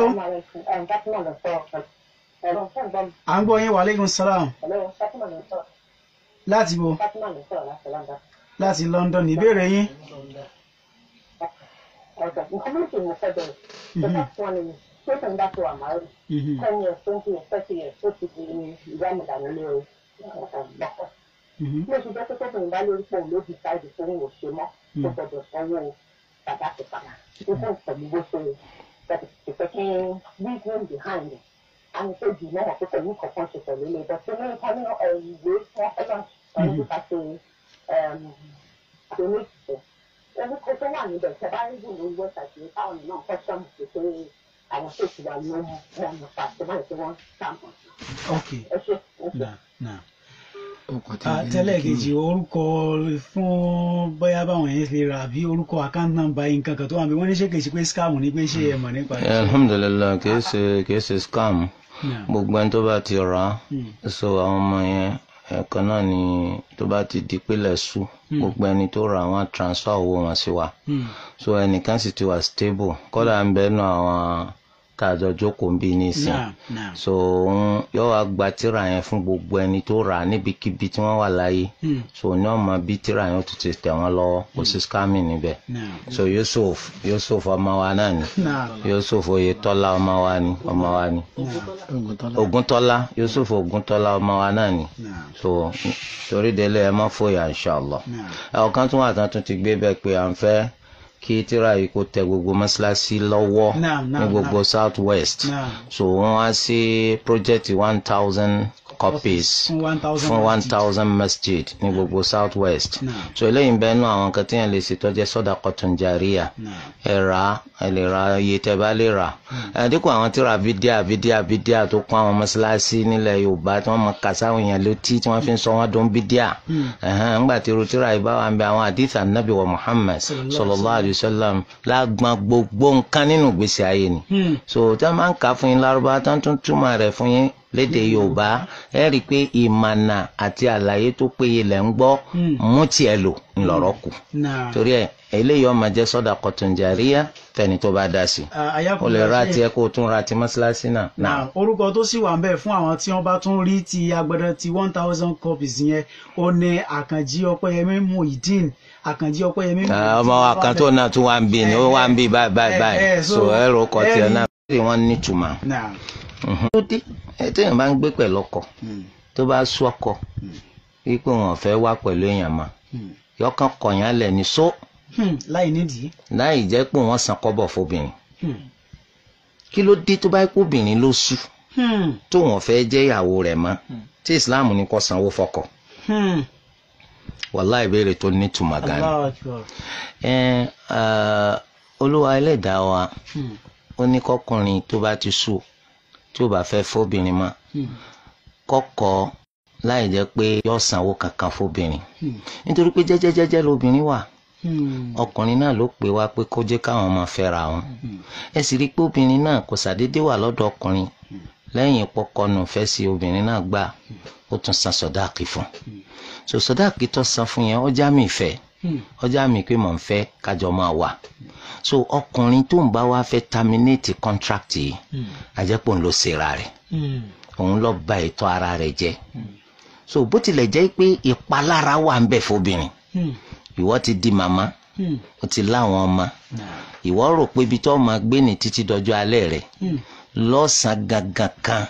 à ń gbọ́ yín wàlẹ́kùn sálàm. láti bo láti London ìbéèrè yín. mm-hmm ló mm-hmm. fi jẹ́ pé tó tòun bá lórí pòun ló di ṣáìdì tó ń wò ṣe mọ́ mm. tó gbọdọ̀ sanwó bàbá ti padà tó fún pẹ̀lú bó ṣe ṣètò kí reason behind it àwọn tó jù náà tó pẹ̀lú kọ̀ọ̀kan ṣe pẹ̀lú ilé ìbọn tó ní ká ní ìwé wọn fẹ́ràn ọ̀rọ̀ nípa ṣe um, donate fún orúkọ tó wà níbẹ̀ tẹ bá rí bùn lórí wọ́ọ̀tà tí táwọn náà kọ́ sọ́mù pé pé àwọn tó ti wà lóhùn wọn nípa tó báyìí tí wọ́n sàmù. ok ẹ ṣe àtẹlẹ́kejì ah, orúkọ fún bóyá báwọn yẹn ṣe rà bí orúkọ account number yìí nǹkan kan tó wà bí wọ́n ní ṣé kìí ṣe pé scam ni pé ṣé ẹ nípa rẹ̀. alhamdulilayi kìí ṣe kìí ṣe scam gbogbo ẹni tó bá ti rà á hmm. so àwọn ọmọ yẹn ẹ̀ẹ̀kan náà ni tó bá ti di pílẹ̀ sú hmm. gbogbo ẹni tó ra wọn transfer owó wọn sí wa hmm. so ẹnìkan sì ti wà stable kódà ń bẹ́ẹ̀ nù àwọn tá a jọ jókòó ń bí nísìn so òun yóò wá gba tíra yẹn fún gbogbo ẹni tó rà níbikíbi tí wọ́n wà láyé hmm. so ní ọmọ bí tíra yẹn ó ti tẹ̀ wọ́n lọ́wọ́ kò sí hmm. scamming níbẹ̀ so Yusuf Yusuf ọmọ wa náà ni Yusuf Oyetola ọmọ wa ni ọmọ wa ni Ògúntọ́lá Yusuf Ògúntọ́lá ọmọ wa náà ni so torí délé ẹ má fòyà inshallah ọ̀kan tún wà tán ti gbé bẹ́ẹ̀ pé à ń fẹ́ kí tíra yìí kó tẹ gbogbo mọ́ṣáláṣí lọ́wọ́ ní gbogbo south west so wọ́n wá sí project one thousand copies fún one thousand masjid ní gbogbo south west so eléyìí ń bẹ́ẹ̀ nú àwọn kan tí yẹn lè ṣe tọ́jú sọ́dà kọ́tùn jàríà ẹ rà ẹ lè ra iye tẹ bá lè rà hmm. dípò àwọn tí ra bídíà bídíà bídíà tó kún àwọn mọ́ṣáláṣí nílẹ̀ yorùbá tí wọ́n mọ kàṣà àwọn èèyàn létí tí wọ́n fi ń sọ wọ́n dún bídíà ńgbà hmm. tí rotira ìbá wa ń bẹ àwọn àdìsá nàbì wa muhammed sallallahu alayhi wa sallam lágbọn gbogbo nǹkan nínú ìgbésí ayé ni hmm. so tí wọ́n máa ń kà fún yín lárúbá tí wọ́n tún túmọ̀ rẹ̀ fún yín lédè yorùbá ẹ rí i pé ìmànà àti àlàyé tó péye lẹ̀ ń gbọ́ hmm. mú tiẹ̀ lò ńlọrọ̀ kù torí ẹ eléyìí ọmọ jẹ sọdà kọtùnjàríyá fẹni tó bá dá sí i o lè ra tiẹ̀ kó o tún ra ti mọ́ṣáláṣí náà. orúkọ tó sì wà ń bẹ fún àwọn tí wọ́n bá tún rí ti agbẹ̀dẹ ti one thousand copies yẹn ó ní àkànjí ọpẹ́yẹmí muhyiddin àkànjí ọpẹ́yẹmí. Ah, ọmọ àkàntó náà tún wá ń bí ni ó eh, wá ń eh, bí báyìí báyìí eh, so ẹ̀rọ kọ̀ọ̀tì ẹ̀ náà tó dé téèyàn bá ń gbé pẹ̀lú ọkọ hmm. tó bá sú ọkọ hmm. wípé wọn fẹ́ wá pẹ̀lú èèyàn mọ́ hmm. yọkàn kọ̀yàn lẹ̀ ní só. láì nídìí. láì jẹ́ pé wọ́n san kọ́bọ̀ fóbìnrin kí ló dé tó bá kó obìnrin ló sú tó wọn fẹ́ jẹ́ ìyàwó rẹ̀ mọ́ tí Islam ní kó sanwó fọkọ wàlá ìbéèrè tó nítumọ̀ gan ni olúwa ẹlẹ́dàá wa ó ní kọkùnrin tó bá ti sú o tí ó bá fẹ́ fóbìnrin mọ́ hmm. kọ́kọ́ láì jẹ́ pé kankan fóbìnrin hmm. nítorí pé jẹ́jẹ́jẹ́jẹ́ lobìnrin wà hmm. ọkùnrin náà ló pè wá pé kó jẹ́ káwọn ọmọ fẹ́ra wọn ẹ sì rí i pé obìnrin náà kò ṣàdédé wà lọ́dọ̀ ọkùnrin lẹ́yìn fẹ́ sí obìnrin náà gbà ó tún san sọ̀dáàkì fún sọ̀dáàkì san fún yẹn ó já mi ọjà hmm. mi pé mò ń fẹ́ kájọ máa wà so ọkùnrin tó ń bá wa fẹ́ terminate contract yìí àjẹpọ̀ ń lo sera rẹ̀ hmm. òun lọ ba ètò ara rẹ̀ jẹ́ so bó tilẹ̀ jẹ́ pé ìpalára wà ń bẹ̀ fóbìnrin hmm. ìwọ ti di màmá o ti láwọn ọmọ ìwọ rò pé ibi tó máa gbé ní títí dọjọ́ alẹ́ rẹ̀ lọ́sàn-án gangan kan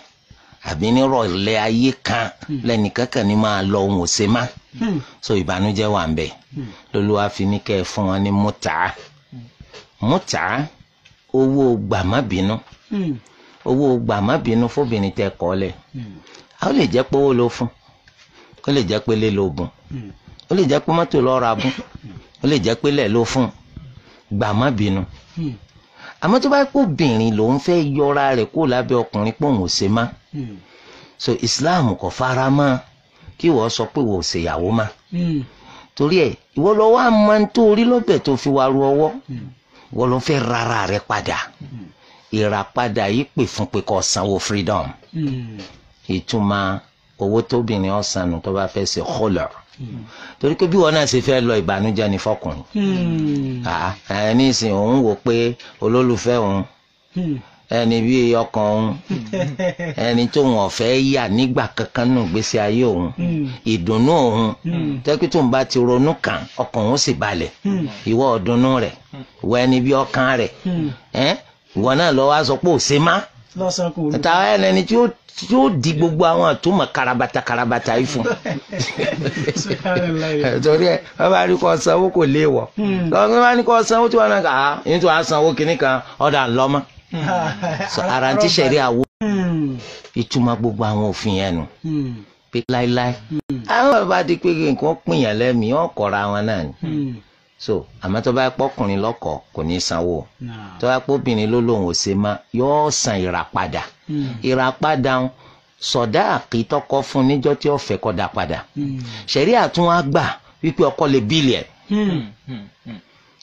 àbí nírọ̀lẹ́ ayé kan lẹ́nìkankan ni máa lọ òun ò ṣe máa. Hmm. so ìbànújẹ́ wà ń Lọlọ hmm. lolúwa fi ní kẹ́ fún wọn ní múta múta owó gbàmábínú hmm. owó gbàmábínú fóbìnrin tẹ kọ́ lẹ̀ ó lè jẹ́ pé owó ló fún ó lè jẹ́ pé lé bùn ó lè jẹ́ pé mọ́tò ló ra ó lè jẹ́ pé lẹ̀ ló fún gbàmábínú àmọ́ tó bá pé obìnrin lòun fẹ́ yọra rẹ̀ kó lábẹ́ ọkùnrin pòun ò ṣe má so Islam kò fara mọ́ kí wọ́n sọ pé wò ó ṣèyàwó mà torí ẹ ìwọ lọ wá máa ń tó orí lọ́bẹ̀ tó fi wá ru ọwọ́ hmm. ìwọ lọ fẹ́ rárá rẹ padà hmm. ìràpadà yìí pè fún pé kó sanwó freedom hmm. ìtumọ̀ owó tóbìnrin ọ̀sán nù tó bá fẹ́ ṣe kọlọ̀ torí pé bí wọn náà ṣe fẹ́ lọ ìbànújẹ́ ni fọkùnrin ah, ẹ nísìnyí òun wò pé olólùfẹ́ òun ẹni bí ọkàn òun ẹni tó wọn fẹ́ yà nígbà kankan nù gbèsè ayé òun hmm. ìdùnnú òun hmm. tẹ́kítù ń bá ti ronú kàn ọkàn òun sì balẹ̀ hmm. ìwọ ọ̀dùnnú rẹ̀ wọ ẹni bí ọkàn rẹ̀ ìwọ náà lọ wá sọ pé ò ṣe má ta ẹni tí ó tí ó di gbogbo àwọn àtúmọ̀ karabata karabata yìí fún torí ẹ wọn bá rí kọ sanwó kò léèwọ lọ́wọ́ wọn bá ní kọ sanwó tí wọn náà kà á yín tó a sanwó kìnnìkan ọ̀dà ńlọ́mọ́. Hmm. ara ń tíṣẹ̀ rí àwo hmm. ìtumọ̀ gbogbo àwọn òfin yẹn nù hmm. pé láéláé àwọn bá di pé nǹkan pìyàn lẹ́mìí wọ́n kọ̀ra wọn náà ni so àmọ́ tó bá yẹ pọ́kùnrin lọ́kọ̀ kò ní sanwó tó bá yẹ pọ́bìnrin ló lóun ò ṣe má yóò san ìràpadà ìràpadà ń sọ̀dá àkìtọ́kọ́ fún níjọ́ tí ó fẹ́ kọ́ da padà ṣẹ̀rí àtún gbà wípé ọkọ lè bílíẹ̀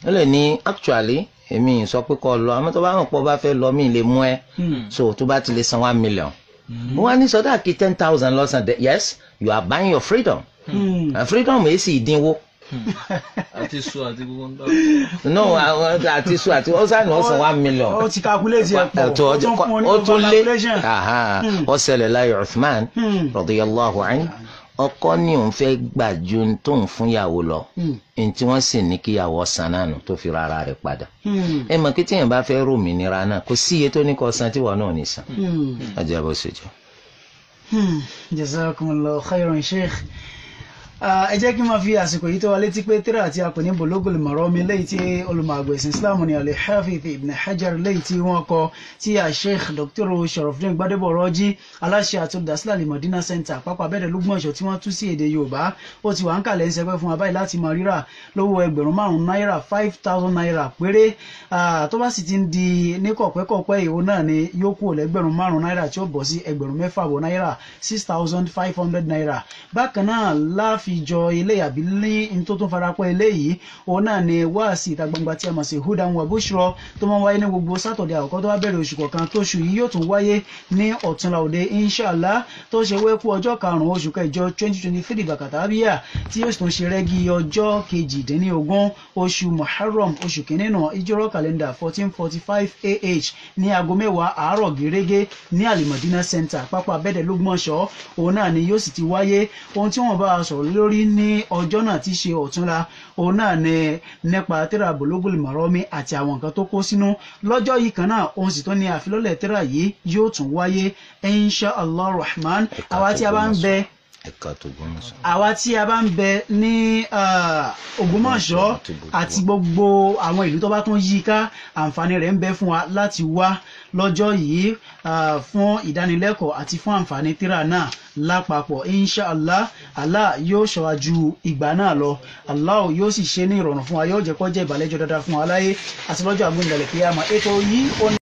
ó lè ní actually èmi sọ pé kọ́ lọ àmọ́ tó bá mọ̀ pé ọba fẹ́ lọ mí lè mú ẹ hmm. so tó bá ti lè san one million hmm. mo wá ní sọdá kí ten thousand lọ́sàn yes you are buying your freedom and hmm. uh, freedom èyí sì dínwó àti su àti gbogbo ń dá. no àti su àti ó sàn ọ̀sán one million. ó ti calculate ẹ̀ pọ̀ ó tún fún ọ ní calculation. ó tún lé ó ṣẹlẹ̀ láyé ọkọ ní òun fẹ́ gbà ju ohun tóun fún ìyàwó lọ ohun hmm. tí wọ́n sì ní kí ìyàwó san náà nù tó fi ra ara rẹ̀ padà hmm. ẹ mọ̀ pé téèyàn bá fẹ́ rómìnira náà kò sí iye tó ní kó san tí wọn náà ní san ọjọ́ hmm. bó ṣe jọ. jazakumullahu khairan sheikh ẹ jẹ́ kí n máa fi àsìkò yìí tó wa létí pé tírà àti àpò ní bologol marami lẹ́yìn tí olùmọ̀àgbọ̀ ẹ̀sìn islam ní al-Hafiz ibn hajar lẹ́yìn tí wọ́n kọ tí sheikh dr sharafdin gbadebo rọ́jí aláṣẹ àtúndásílẹ̀ ní madina center àpapọ̀ abẹ́rẹ́ lógúnmọ̀ṣọ́ tí wọ́n tú sí èdè yorùbá ó ti wà ń kàlẹ̀ ń sẹpẹ́ fún wa báyìí láti máa rírà lówó ẹgbẹ̀rún márùn náírà five thousand naira péré tó bá sì di ní kọ̀pẹ́kọ̀pẹ́ ìwo náà ni yóò kú lẹ́gbẹ̀rún márùn-ún náírà tí ó six thousand five hundred naira bákan náà láàfi fi jọ eléyìí àbí ní tó tún farapọ̀ eléyìí òun náà ni wáàsí ìta gbangba tí a mọ̀ sí hudan wabushro tó máa ń wáyé ní gbogbo sátọ̀dẹ̀ àkọ́kọ́ tó bá bẹ̀rẹ̀ oṣù kọ̀ọ̀kan tóṣù yìí yóò tún wáyé ní ọ̀túnla òde inshallah tó ṣe wẹ́kú ọjọ́ karùn-ún oṣù kẹjọ twenty twenty three bàkàtàbíyà tí yóò tún ṣe rẹ́gí ọjọ́ kejìdínlógún oṣù muharram oṣù kìnínú ìjírọ̀ kàlẹ́ndà ah ní aago mẹ́wàá àárọ̀ gẹ́rẹ́gẹ́ ní alimọ̀dínà center pápá abẹ́dẹ̀ lógbọ̀nsọ̀ òun náà ni yóò sì ti wáyé lórí ní ọjọ́ náà ti ṣe ọ̀túnla òun náà ní nípa tírà Bulugul Marami àti àwọn nǹkan tó kó sínú lọ́jọ́ yìí kan náà òun sì tó ní àfilọ́lẹ̀ tírà yìí yóò tún wáyé insha Allah rahman àwa tí a bá ń bẹ ẹ̀ka tó Ògbómọ̀ṣọ́. àwa tí a bá ń bẹ ní Ògbómọ̀ṣọ́ àti gbogbo àwọn ìlú tó bá tún yí ká àǹfààní rẹ̀ ń bẹ fún wa láti wá lọ́jọ́ yìí fún ìdánilẹ́kọ̀ọ́ àti fún àǹfààní tíra náà lápapọ̀ inshàlá Allah yóò ṣọ́wájú ìgbà náà lọ Allah yóò sì ṣe ní ìrọ̀rùn fún wa yóò jẹ́ kó jẹ́ ìbàlẹ́jọ́ dáadáa fún wa láyé àti lọ́jọ́ àgbóǹdàlẹ̀ kíyámà ètò yìí ó ní.